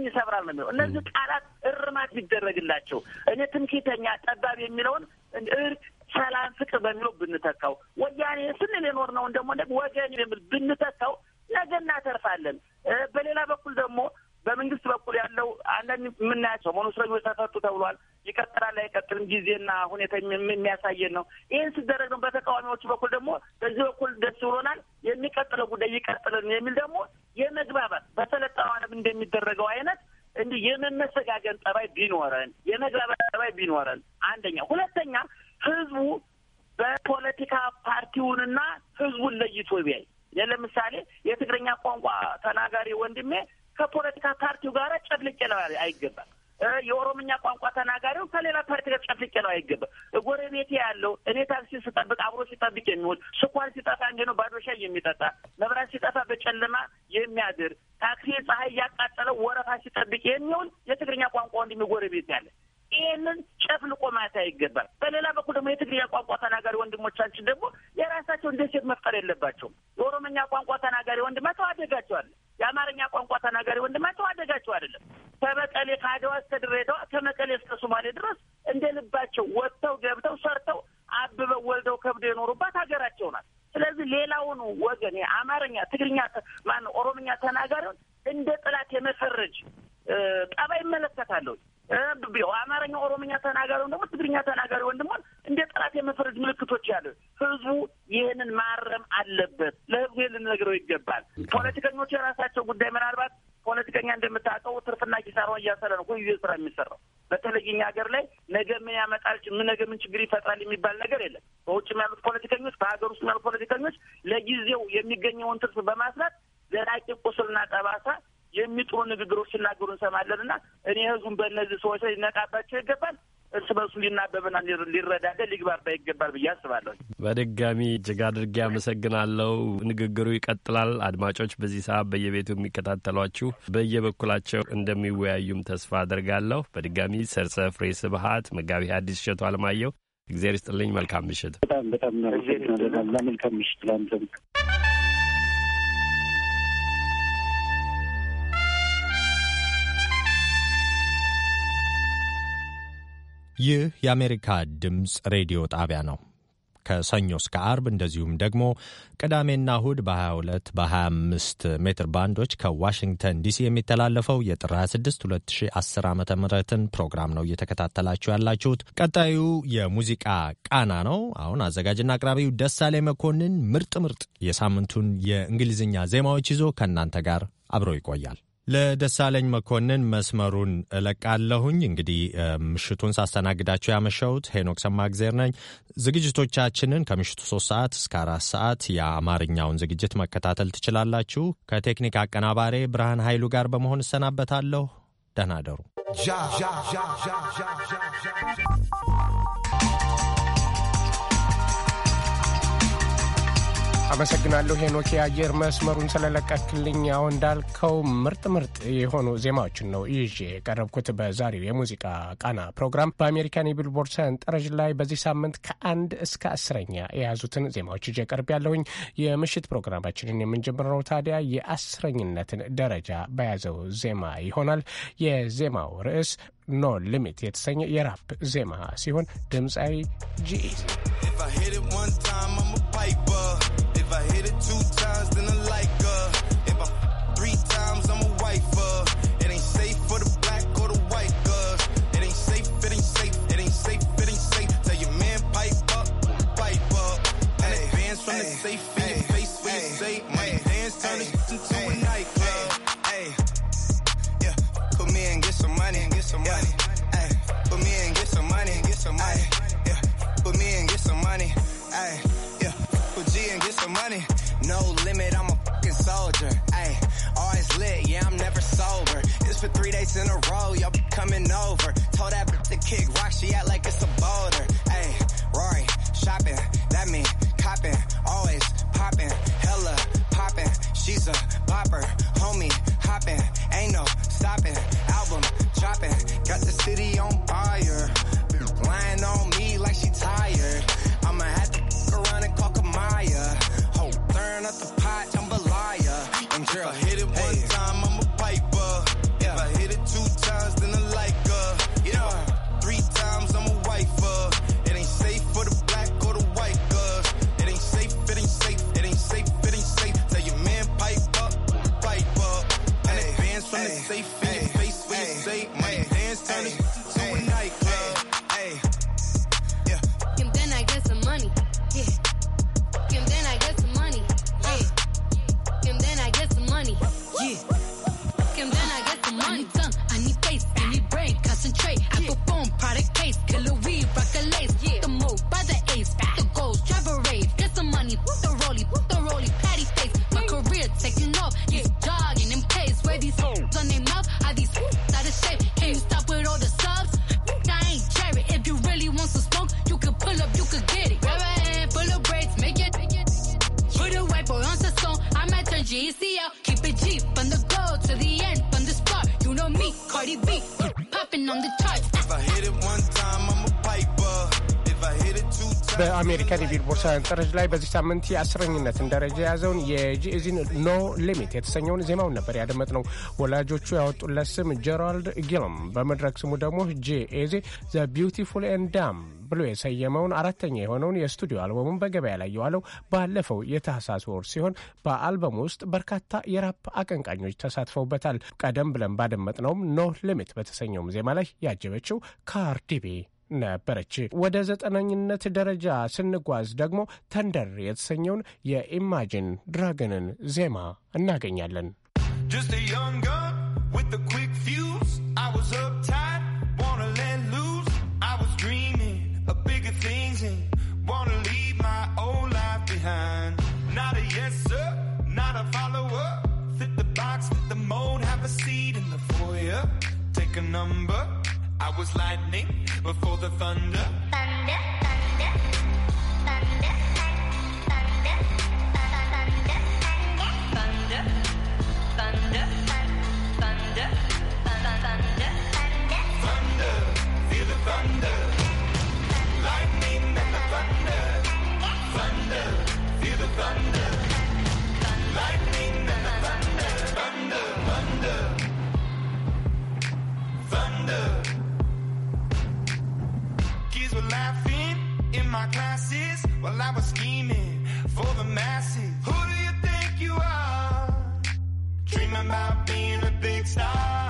ልብን ይሰብራል ነው የሚለው። እነዚህ ቃላት እርማት ቢደረግላቸው እኔ ትምክህተኛ፣ ጠባብ የሚለውን እርቅ፣ ሰላም፣ ፍቅር በሚለው ብንተካው ወያኔ ስንል የኖር ነው ደግሞ ወገን የሚል ብንተካው ነገ እናተርፋለን። በሌላ በኩል ደግሞ በመንግስት በኩል ያለው አንዳንድ የምናያቸው ሰሞኑን እስረኞች ተፈቱ ተብሏል። ይቀጥላል አይቀጥልም ጊዜና ሁኔታ የሚያሳየን ነው። ይህን ሲደረግ ነው። በተቃዋሚዎቹ በኩል ደግሞ በዚህ በኩል ደስ ብሎናል፣ የሚቀጥለው ጉዳይ ይቀጥልን የሚል ደግሞ የመግባባት በሰለጠነው ዓለም እንደሚደረገው አይነት እንዲህ የመመሰጋገን ጠባይ ቢኖረን የመግባባት ጠባይ ቢኖረን አንደኛ። ሁለተኛ ህዝቡ በፖለቲካ ፓርቲውንና ህዝቡን ለይቶ ቢያይ ለምሳሌ የትግረኛ ቋንቋ ተናጋሪ ወንድሜ ከፖለቲካ ፓርቲው ጋር ጨፍልቄ ነው አይገባም። የኦሮምኛ ቋንቋ ተናጋሪው ከሌላ ፓርቲ ጋር ጨፍልቄ ነው አይገባም። ጎረቤቴ ያለው እኔ ታክሲ ስጠብቅ አብሮ ሲጠብቅ የሚውል ስኳር ሲጠፋ እንዲህ ነው ባዶ ሻይ የሚጠጣ መብራት ሲጠፋ በጨለማ የሚያድር ታክሲ ፀሐይ እያቃጠለው ወረፋ ሲጠብቅ የሚውል የትግርኛ ቋንቋ ወንድሜ ጎረቤት ያለ ይህንን ጨፍልቆ ማታ ይገባል። በሌላ በኩል ደግሞ የትግርኛ ቋንቋ ተናጋሪ ወንድሞቻችን ደግሞ የራሳቸውን ደሴት መፍጠር የለባቸውም። የኦሮምኛ ቋንቋ ተናጋሪ ወንድማቸው አለ። የአማርኛ ቋንቋ ተናጋሪ ወንድማቸው አደጋቸው አይደለም። ከመቀሌ ከአድዋ እስከ ድሬዳዋ ከመቀሌ እስከ ሶማሌ ድረስ እንደ ልባቸው ወጥተው ገብተው ሰርተው አብበው ወልደው ከብደው የኖሩባት ሀገራቸው ናት። ስለዚህ ሌላውን ወገን የአማርኛ ትግርኛ፣ ማነው ኦሮምኛ ተናጋሪውን እንደ ጥላት የመፈረጅ ጠባይ ይመለከታለሁ። እመለከታለሁ። አማርኛ፣ ኦሮምኛ ተናጋሪውን ደግሞ ትግርኛ ተናጋሪ ወንድሞን እንደ ጥላት የመፈረጅ ምልክቶች ያለ ህዝቡ ይህንን ማረም አለበት። ለህዝቡ ልንነግረው ይገባል። ፖለቲከኞች የራሳቸው ጉዳይ ምናልባት ፖለቲከኛ እንደምታውቀው ትርፍና ኪሳራዋ እያሰለ ነው። ሁዩ ስራ የሚሰራው በተለይ እኛ ሀገር ላይ ነገ ምን ያመጣል ምን ነገ ምን ችግር ይፈጥራል የሚባል ነገር የለም። በውጭም ያሉት ፖለቲከኞች፣ በሀገር ውስጥ ያሉት ፖለቲከኞች ለጊዜው የሚገኘውን ትርፍ በማስራት ዘላቂ ቁስልና ጠባሳ የሚጥሩ ንግግሮች ሲናገሩ እንሰማለን እና እኔ ህዝቡን በእነዚህ ሰዎች ላይ ሊነቃባቸው ይገባል። እርስ በርሱ ሊናበብና ሊረዳደ ሊግባባ ይገባል ብዬ አስባለሁ። በድጋሚ እጅግ አድርጌ አመሰግናለሁ። ንግግሩ ይቀጥላል። አድማጮች በዚህ ሰዓት በየቤቱ የሚከታተሏችሁ በየበኩላቸው እንደሚወያዩም ተስፋ አድርጋለሁ። በድጋሚ ሰርጸ ፍሬ ስብሀት፣ መጋቢ ሐዲስ እሸቱ አለማየሁ፣ እግዚአብሔር ይስጥልኝ። መልካም ምሽት። በጣም በጣም መልካም ምሽት። ይህ የአሜሪካ ድምፅ ሬዲዮ ጣቢያ ነው። ከሰኞ እስከ አርብ እንደዚሁም ደግሞ ቅዳሜና እሁድ በ22 በ25 ሜትር ባንዶች ከዋሽንግተን ዲሲ የሚተላለፈው የጥር 26 2010 ዓ ምትን ፕሮግራም ነው እየተከታተላችሁ ያላችሁት። ቀጣዩ የሙዚቃ ቃና ነው። አሁን አዘጋጅና አቅራቢው ደሳሌ መኮንን ምርጥ ምርጥ የሳምንቱን የእንግሊዝኛ ዜማዎች ይዞ ከእናንተ ጋር አብሮ ይቆያል። ለደሳለኝ መኮንን መስመሩን እለቃለሁኝ። እንግዲህ ምሽቱን ሳስተናግዳችሁ ያመሸሁት ሄኖክ ሰማእግዜር ነኝ። ዝግጅቶቻችንን ከምሽቱ ሶስት ሰዓት እስከ አራት ሰዓት የአማርኛውን ዝግጅት መከታተል ትችላላችሁ። ከቴክኒክ አቀናባሪ ብርሃን ኃይሉ ጋር በመሆን እሰናበታለሁ። ደህና ደሩ። አመሰግናለሁ ሄኖክ የአየር መስመሩን ስለለቀክልኝ። ያው እንዳልከው ምርጥ ምርጥ የሆኑ ዜማዎችን ነው ይዤ የቀረብኩት በዛሬው የሙዚቃ ቃና ፕሮግራም። በአሜሪካን የቢልቦርድ ሰንጠረዥ ላይ በዚህ ሳምንት ከአንድ እስከ አስረኛ የያዙትን ዜማዎች ይዤ ቀርብ ያለሁኝ። የምሽት ፕሮግራማችንን የምንጀምረው ታዲያ የአስረኝነትን ደረጃ በያዘው ዜማ ይሆናል። የዜማው ርዕስ ኖ ሊሚት የተሰኘ የራፕ ዜማ ሲሆን ድምፃዊ ጂኢዝ safe some money. Yeah, put me and get some money. Ay, yeah, put G and get some money. No limit, I'm a fucking soldier. Ay, always lit, yeah, I'm never sober. It's for three days in a row, y'all be coming over. Told that bitch to kick rock, she act like it's a boulder. Ay, Rory, shopping, that mean copping, always popping, hella popping. She's a bopper, homie, hopping, ain't no stopping. Album dropping, got the city on fire. ሰንጠረዥ ላይ በዚህ ሳምንት የአስረኝነትን ደረጃ የያዘውን የጂኤዚን ኖ ሊሚት የተሰኘውን ዜማውን ነበር ያደመጥ ነው። ወላጆቹ ያወጡለት ስም ጀራልድ ጊልም፣ በመድረክ ስሙ ደግሞ ጂኤዚ ዘ ቢውቲፉል ኤን ዳም ብሎ የሰየመውን አራተኛ የሆነውን የስቱዲዮ አልበሙን በገበያ ላይ የዋለው ባለፈው የታህሳስ ወር ሲሆን በአልበሙ ውስጥ በርካታ የራፕ አቀንቃኞች ተሳትፈውበታል። ቀደም ብለን ባደመጥነውም ኖ ሊሚት በተሰኘውም ዜማ ላይ ያጀበችው ካርዲቤ ነበረች። ወደ ዘጠነኝነት ደረጃ ስንጓዝ ደግሞ ተንደር የተሰኘውን የኢማጂን ድራገንን ዜማ እናገኛለን። Just a young gun with a quick fuse. I was uptight, wanna let loose. I was dreaming of bigger things and wanna leave my old life behind. Not a yes sir, not a follower. Fit the box, fit the mold, have a seat in the foyer. Take a number. I was lightning before the thunder. Thunder. While I was scheming for the masses. Who do you think you are? Dreaming about being a big star.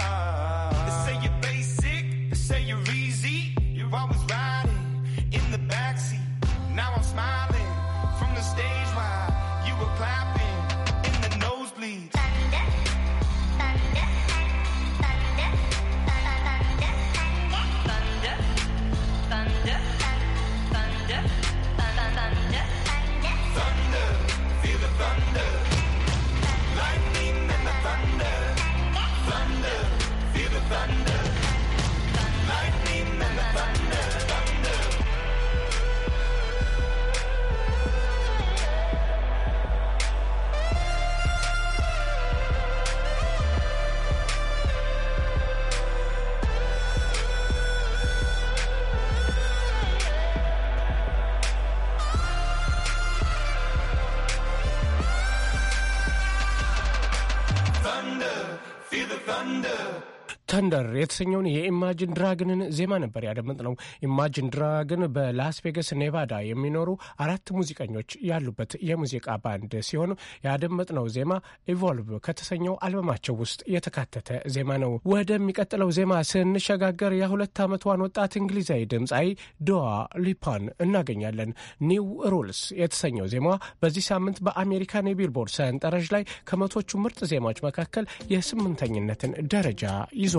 thunder. ተንደር የተሰኘውን የኢማጅን ድራግንን ዜማ ነበር ያደመጥነው። ኢማጅን ድራግን በላስ ቬገስ ኔቫዳ የሚኖሩ አራት ሙዚቀኞች ያሉበት የሙዚቃ ባንድ ሲሆኑ ያደመጥነው ዜማ ኢቮልቭ ከተሰኘው አልበማቸው ውስጥ የተካተተ ዜማ ነው። ወደሚቀጥለው ዜማ ስንሸጋገር የሁለት ዓመቷን ወጣት እንግሊዛዊ ድምፃዊ ዶዋ ሊፓን እናገኛለን። ኒው ሩልስ የተሰኘው ዜማ በዚህ ሳምንት በአሜሪካን የቢልቦርድ ሰንጠረዥ ላይ ከመቶቹ ምርጥ ዜማዎች መካከል የስምንተኝነትን ደረጃ ይዟል።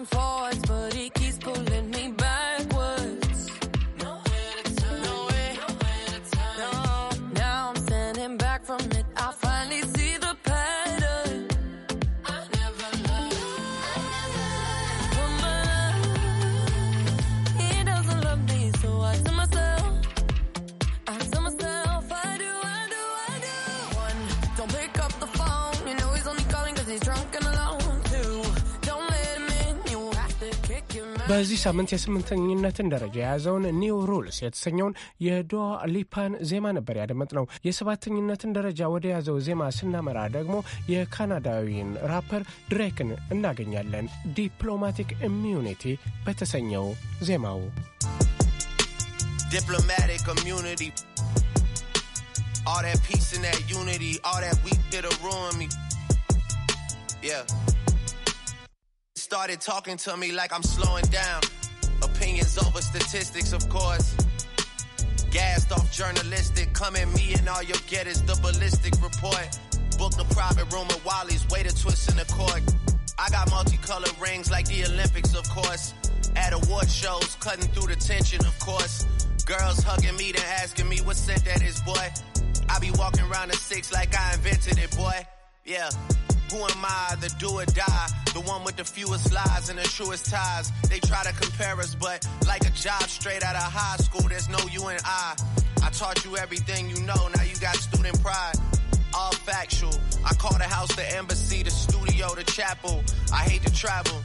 and forth. በዚህ ሳምንት የስምንተኝነትን ደረጃ የያዘውን ኒው ሩልስ የተሰኘውን የዱዋ ሊፓን ዜማ ነበር ያደመጥነው። የሰባተኝነትን ደረጃ ወደ ያዘው ዜማ ስናመራ ደግሞ የካናዳዊን ራፐር ድሬክን እናገኛለን ዲፕሎማቲክ ኢሚዩኒቲ በተሰኘው ዜማው All that peace and that unity. All that ruin me. Yeah. started talking to me like I'm slowing down. Opinions over statistics, of course. Gassed off journalistic, come at me and all you'll get is the ballistic report. Book a private room at Wally's, way to twist in the court. I got multicolored rings like the Olympics, of course. At award shows, cutting through the tension, of course. Girls hugging me, then asking me what scent that is, boy. I be walking around the six like I invented it, boy. Yeah, who am I, the do or die? The one with the fewest lies and the truest ties. They try to compare us, but like a job straight out of high school, there's no you and I. I taught you everything you know, now you got student pride. All factual. I call the house the embassy, the studio, the chapel. I hate to travel.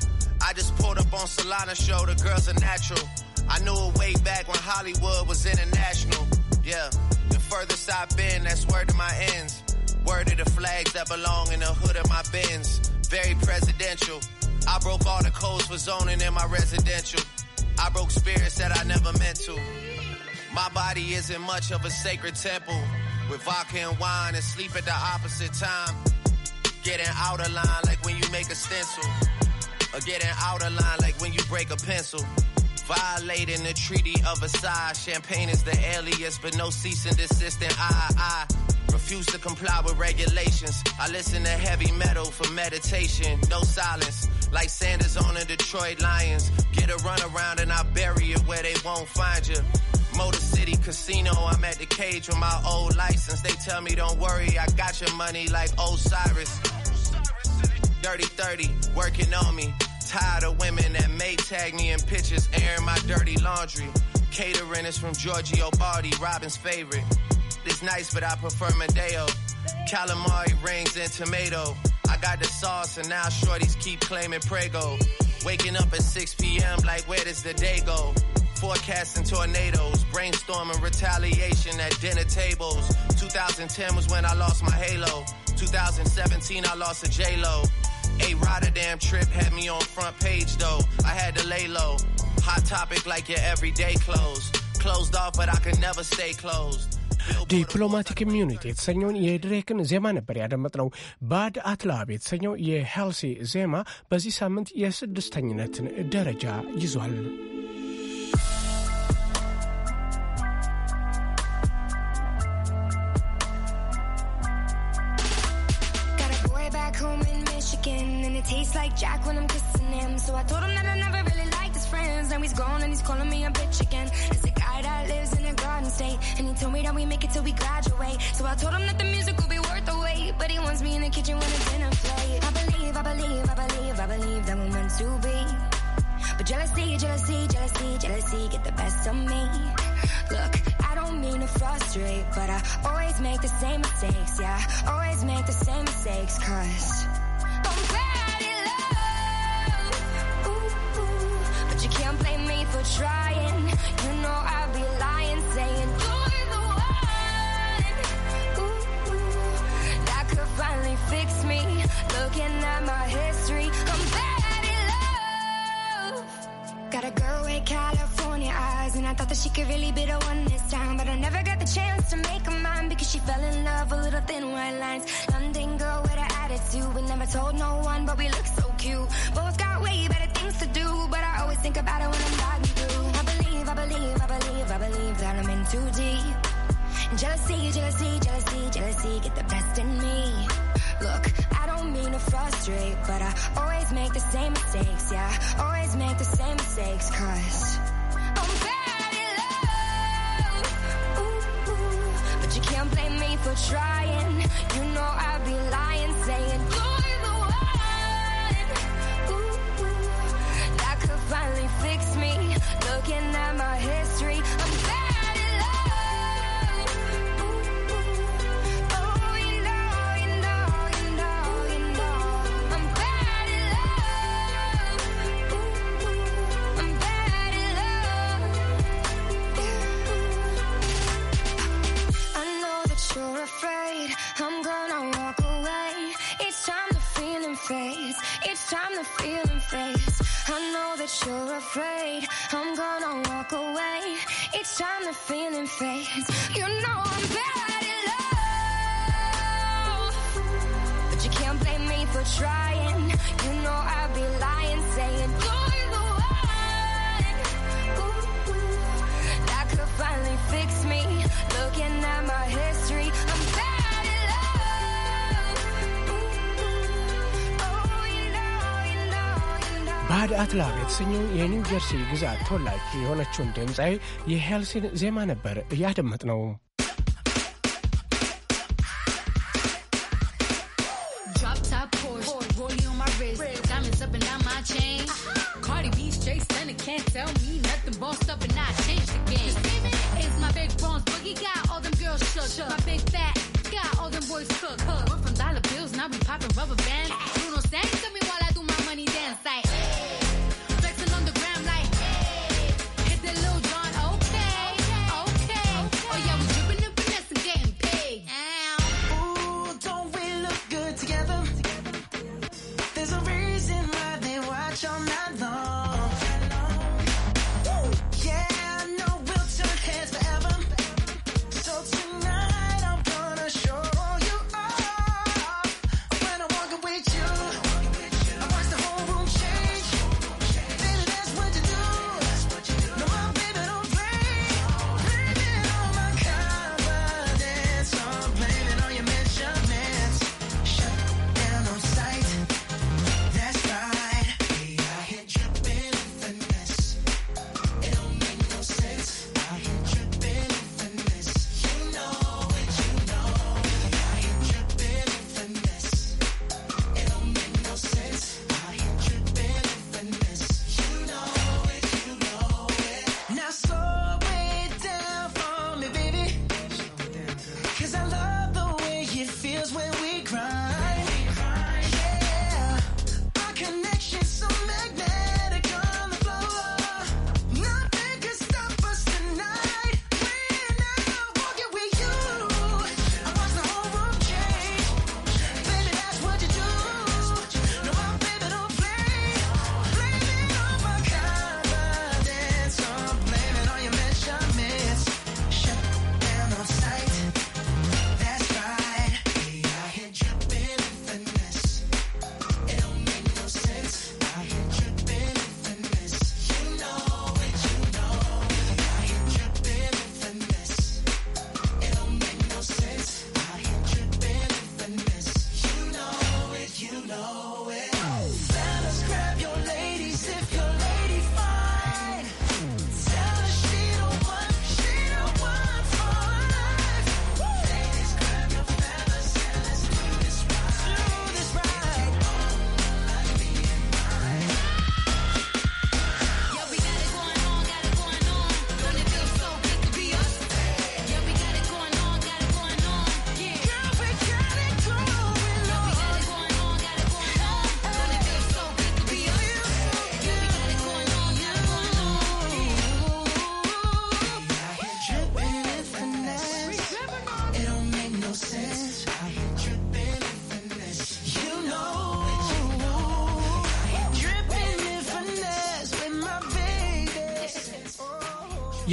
I just pulled up on Solana's show, the girls are natural. I knew it way back when Hollywood was international. Yeah, the furthest I've been, that's where to my ends. Word of the flags that belong in the hood of my bins. Very presidential. I broke all the codes for zoning in my residential. I broke spirits that I never meant to. My body isn't much of a sacred temple. With vodka and wine and sleep at the opposite time. Getting out of line like when you make a stencil. Or getting out of line like when you break a pencil. Violating the Treaty of Versailles. Champagne is the alias, but no cease and desist. And I, I Refuse to comply with regulations. I listen to heavy metal for meditation. No silence. Like Sanders on the Detroit Lions. Get a run around and I bury it where they won't find you. Motor City Casino, I'm at the cage with my old license. They tell me don't worry, I got your money like Osiris. Dirty 30, working on me. Tired of women that may tag me in pictures, airing my dirty laundry. Catering is from Giorgio Bardi, Robin's favorite. It's nice, but I prefer Madeo. Calamari rings and tomato. I got the sauce, and now shorties keep claiming Prego. Waking up at 6 p.m., like, where does the day go? Forecasting tornadoes, brainstorming retaliation at dinner tables. 2010 was when I lost my halo. 2017, I lost a J-Lo. A Rotterdam trip had me on front page, though. I had to lay low. Hot topic like your everyday clothes. closed closed. off, but I could never stay ዲፕሎማቲክ ኢሚዩኒቲ የተሰኘውን የድሬክን ዜማ ነበር ያደመጥነው። ባድ አትላብ የተሰኘው የሄልሲ ዜማ በዚህ ሳምንት የስድስተኝነትን ደረጃ ይዟል። And it tastes like Jack when I'm kissing him. So I told him that I never really liked his friends. Now he's gone and he's calling me a bitch again. It's a guy that lives in a garden state. And he told me that we make it till we graduate. So I told him that the music will be worth the wait. But he wants me in the kitchen when it's dinner plate. I believe, I believe, I believe, I believe that we're meant to be. But jealousy, jealousy, jealousy, jealousy get the best of me. Look, I don't mean to frustrate, but I always make the same mistakes. Yeah, always make the same mistakes. Cause for trying. You know I'd be lying, saying you're the one. that could finally fix me. Looking at my history, love. Got a girl with California eyes, and I thought that she could really be the one this time, but I never got the chance to make her mine because she fell in love with little thin white lines. London girl with attitude, we never told no one, but we look so cute. Both got way better things to do, but I always think about it when I'm driving through. I believe, I believe, I believe, I believe that I'm in too deep. Jealousy, jealousy, jealousy, jealousy, get the best in me. Look, I don't mean to frustrate, but I always make the same mistakes, yeah. Always make the same mistakes, cause I'm bad at love. Ooh, ooh. But you can't blame me for trying. You know I'd be lying, saying, fix me. Looking at my history, I'm time time the feeling fades. I know that you're afraid. I'm gonna walk away. It's time the feeling fades. You know I'm bad at love. But you can't blame me for trying. You know I'd be lying, saying you're the one. Ooh, that could finally fix me. Looking at my history. ባድ አትላብ የተሰኘው የኒው ጀርሲ ግዛት ተወላጅ የሆነችውን ድምፃዊ የሄልሲን ዜማ ነበር እያደመጥ ነው።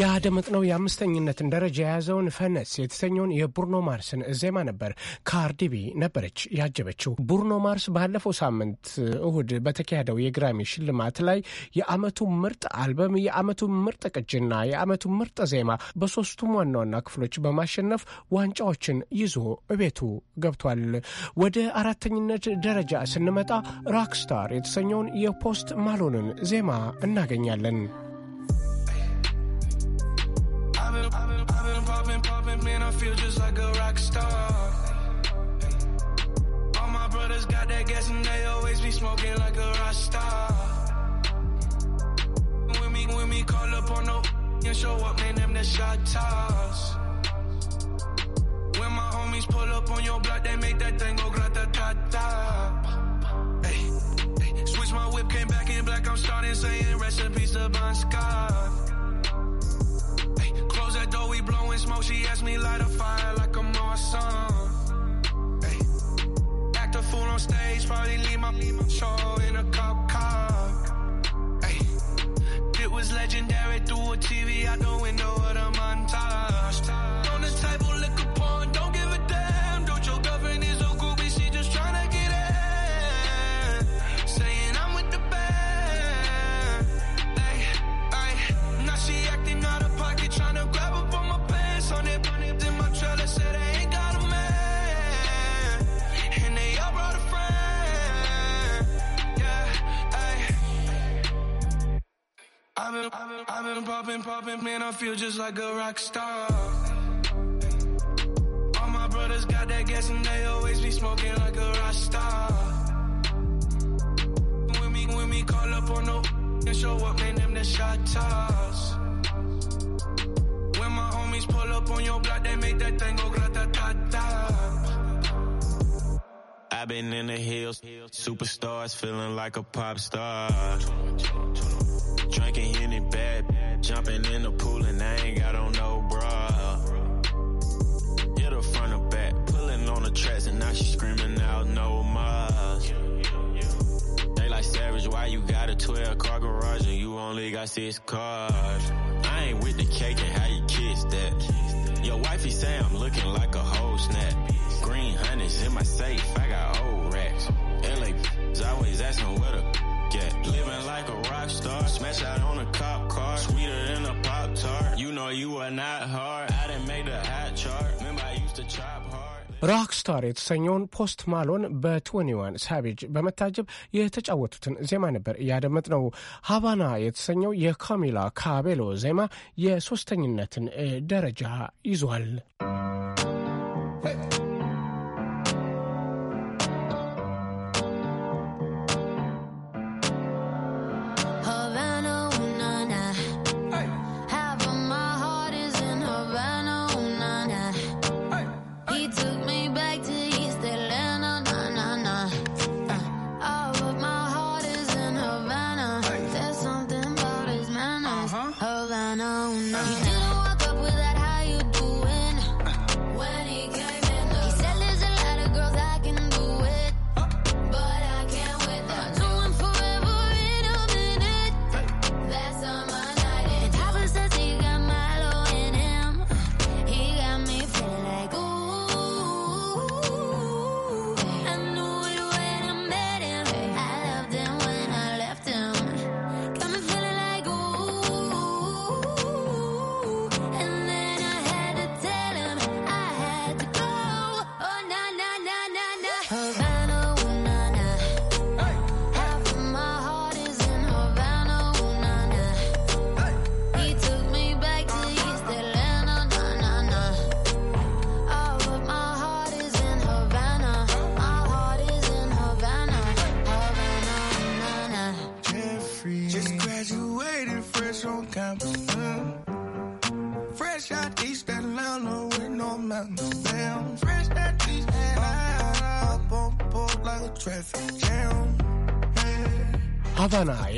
ያደመጥነው የአምስተኝነትን ደረጃ የያዘውን ፈነስ የተሰኘውን የቡርኖ ማርስን ዜማ ነበር። ካርዲቢ ነበረች ያጀበችው። ቡርኖ ማርስ ባለፈው ሳምንት እሁድ በተካሄደው የግራሚ ሽልማት ላይ የአመቱ ምርጥ አልበም፣ የአመቱ ምርጥ ቅጅና የአመቱ ምርጥ ዜማ በሶስቱም ዋና ዋና ክፍሎች በማሸነፍ ዋንጫዎችን ይዞ ቤቱ ገብቷል። ወደ አራተኝነት ደረጃ ስንመጣ ራክስታር የተሰኘውን የፖስት ማሎንን ዜማ እናገኛለን። feel just like a rock star. All my brothers got that gas and they always be smoking like a rock star. When me, when me call up on no and show up, man, them the shot toss. When my homies pull up on your block, they make that thing go grata ta ta. Hey, Switch my whip, came back in black, I'm starting saying recipes of my Scott. smoke, she asked me light a fire like I'm on some. Act a fool on stage, probably leave my show in a cop car. Hey. It was legendary through a TV out the window of the montage. On the table, liquor. I've been, I've been, popping, popping, man, I feel just like a rock star. All my brothers got that gas and they always be smoking like a rock star. When me, when me call up on the and show up, man, them the shot toss. When my homies pull up on your block, they make that thing go grata-ta-ta. I've been in the hills, superstars feeling like a pop star. Drinking in it bad, jumping in the pool and I ain't got on no bra. Hit her front or back, pulling on the tracks and now she screaming out no more. They like savage, why you got a 12 car garage and you only got six cars? I ain't with the cake and how you kiss that. Your wifey say I'm looking like a whole snap. Green honey's in my safe, I got old racks. LA always asking where the star. Smash out on a cop car. Sweeter than a Pop Tart. You know you are not hard. I didn't make the hat chart. Remember I used to chop hard. ሮክስታር የተሰኘውን ፖስት ማሎን በትወኒዋን ሳቪጅ በመታጀብ የተጫወቱትን ዜማ ነበር እያደመጥ ነው። ሀቫና የተሰኘው የካሚላ ካቤሎ ዜማ የሶስተኝነትን ደረጃ ይዟል።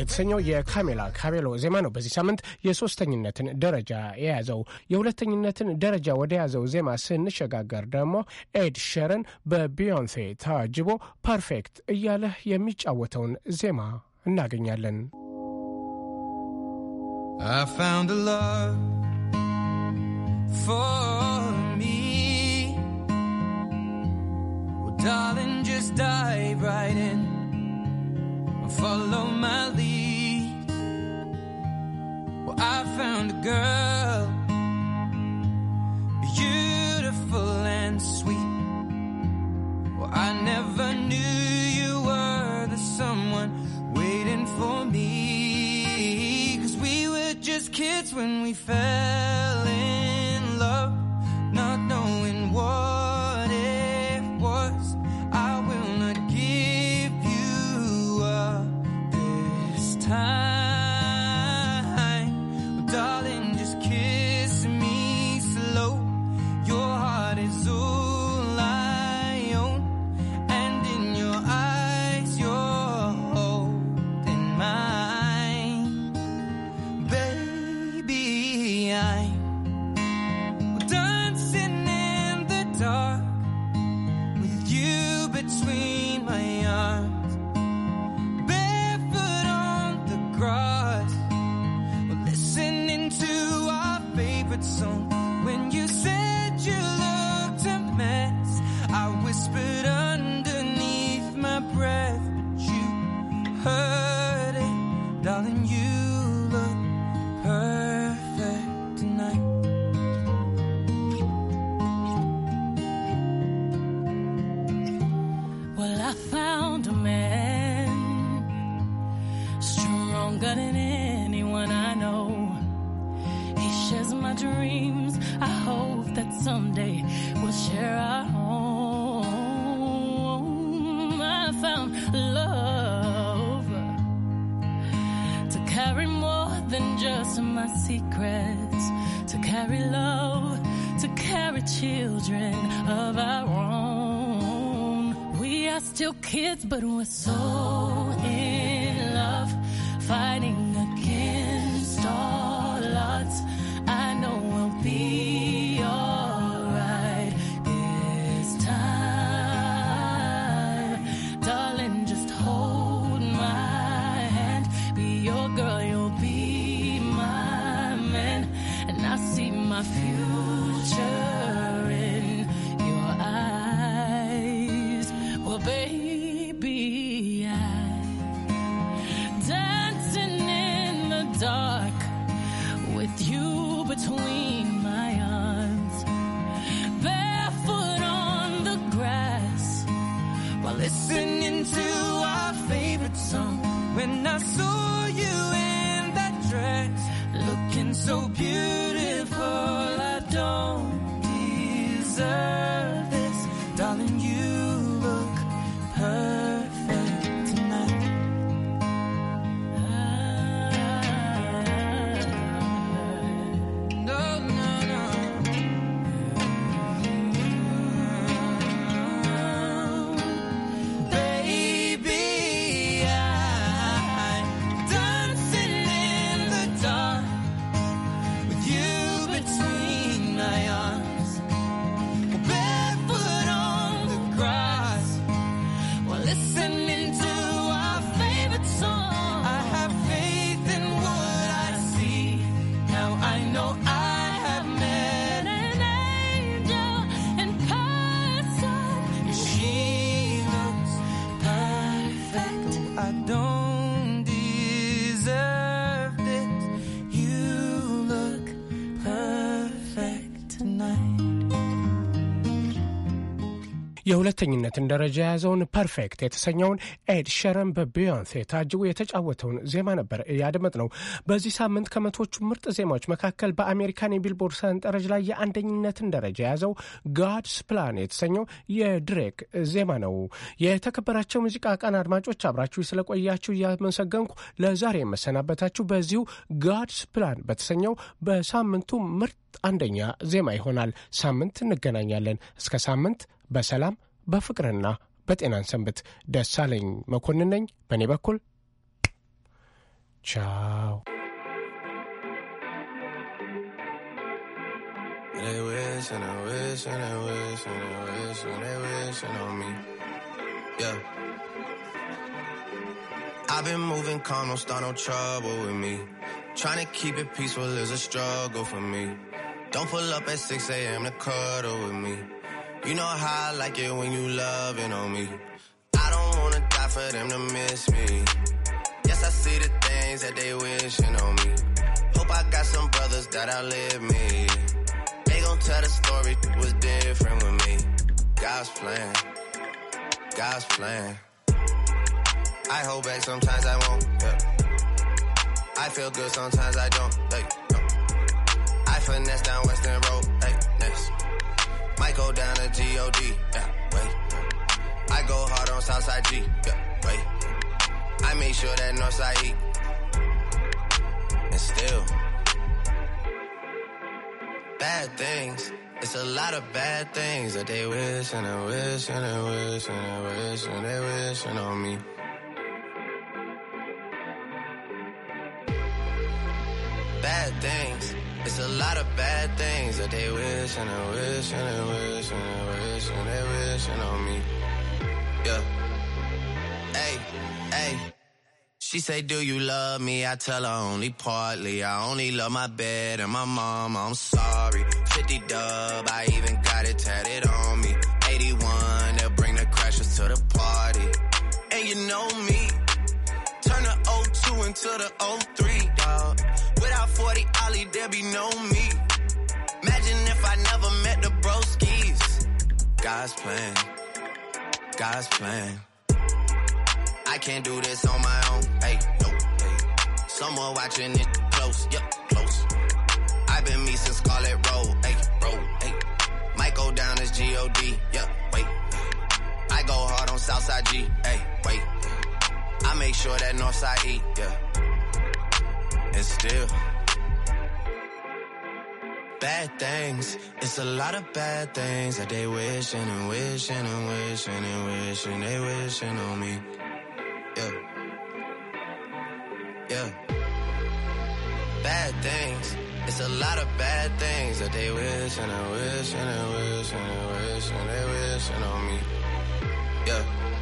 የተሰኘው የካሜላ ካቤሎ ዜማ ነው በዚህ ሳምንት የሶስተኝነትን ደረጃ የያዘው። የሁለተኝነትን ደረጃ ወደ ያዘው ዜማ ስንሸጋገር ደግሞ ኤድ ሸረን በቢዮንሴ ታጅቦ ፐርፌክት እያለ የሚጫወተውን ዜማ እናገኛለን። darling, just dive right in. follow my lead. Well, I found a girl, beautiful and sweet. Well, I never knew you were the someone waiting for me. Cause we were just kids when we fell. የሁለተኝነትን ደረጃ የያዘውን ፐርፌክት የተሰኘውን ኤድ ሸረን በቢዮንሴ ታጅቦ የተጫወተውን ዜማ ነበር እያደመጥ ነው። በዚህ ሳምንት ከመቶቹ ምርጥ ዜማዎች መካከል በአሜሪካን የቢልቦርድ ሰንጠረዥ ላይ የአንደኝነትን ደረጃ የያዘው ጋድስ ፕላን የተሰኘው የድሬክ ዜማ ነው። የተከበራቸው ሙዚቃ ቃን አድማጮች አብራችሁ ስለቆያችሁ እያመሰገንኩ ለዛሬ የመሰናበታችሁ በዚሁ ጋድስ ፕላን በተሰኘው በሳምንቱ ምርጥ አንደኛ ዜማ ይሆናል። ሳምንት እንገናኛለን። እስከ ሳምንት በሰላም በፍቅርና በጤናን ሰንብት። ደሳለኝ መኮንን ነኝ። በእኔ በኩል ቻው። They wishing, they they wishing, they they wish on me. Yeah. I've been moving calm, don't start no trouble with me. Trying to keep it peaceful is a struggle for me. Don't pull up at 6 a.m. to cuddle with me. You know how I like it when you loving on me. I don't wanna die for them to miss me. Yes, I see the things that they wishing on me. Hope I got some brothers that outlive me. They gon' tell the story was different with me. God's plan, God's plan. I hold back sometimes I won't. Yeah. I feel good sometimes I don't. Like, no. I finesse down Western Road. Might go down to G-O-D, yeah, wait. I go hard on Southside G, yeah, wait. I make sure that Northside E. And still, bad things. It's a lot of bad things that they wish and they wish and they wish and they wish and they wishing on me. Bad things. It's a lot of bad things that they wish and they wish and they wish and they wish and they wishing on me. Yeah. Hey, hey. She say, do you love me? I tell her only partly. I only love my bed and my mom. I'm sorry. 50 dub, I even got it tatted on me. 81, they'll bring the crashes to the party. And you know me. Turn the 02 into the 03, dog. Top 40 Ollie, there be no me. Imagine if I never met the broskies. God's plan, God's plan. I can't do this on my own. Hey, no, hey. Someone watching it close, yep, close. I've been me since Scarlet Road, hey, road. hey. Might go down as G-O-D, Yeah, wait. I go hard on Southside G, hey, wait. I make sure that Northside E, yeah. And still bad things. It's a lot of bad things that they wishing and wishing and wishing and wishing they wishing on me. Yeah. Yeah. Bad things. It's a lot of bad things that they wishing and wishing and wishing and wishing they wishing on me. Yeah.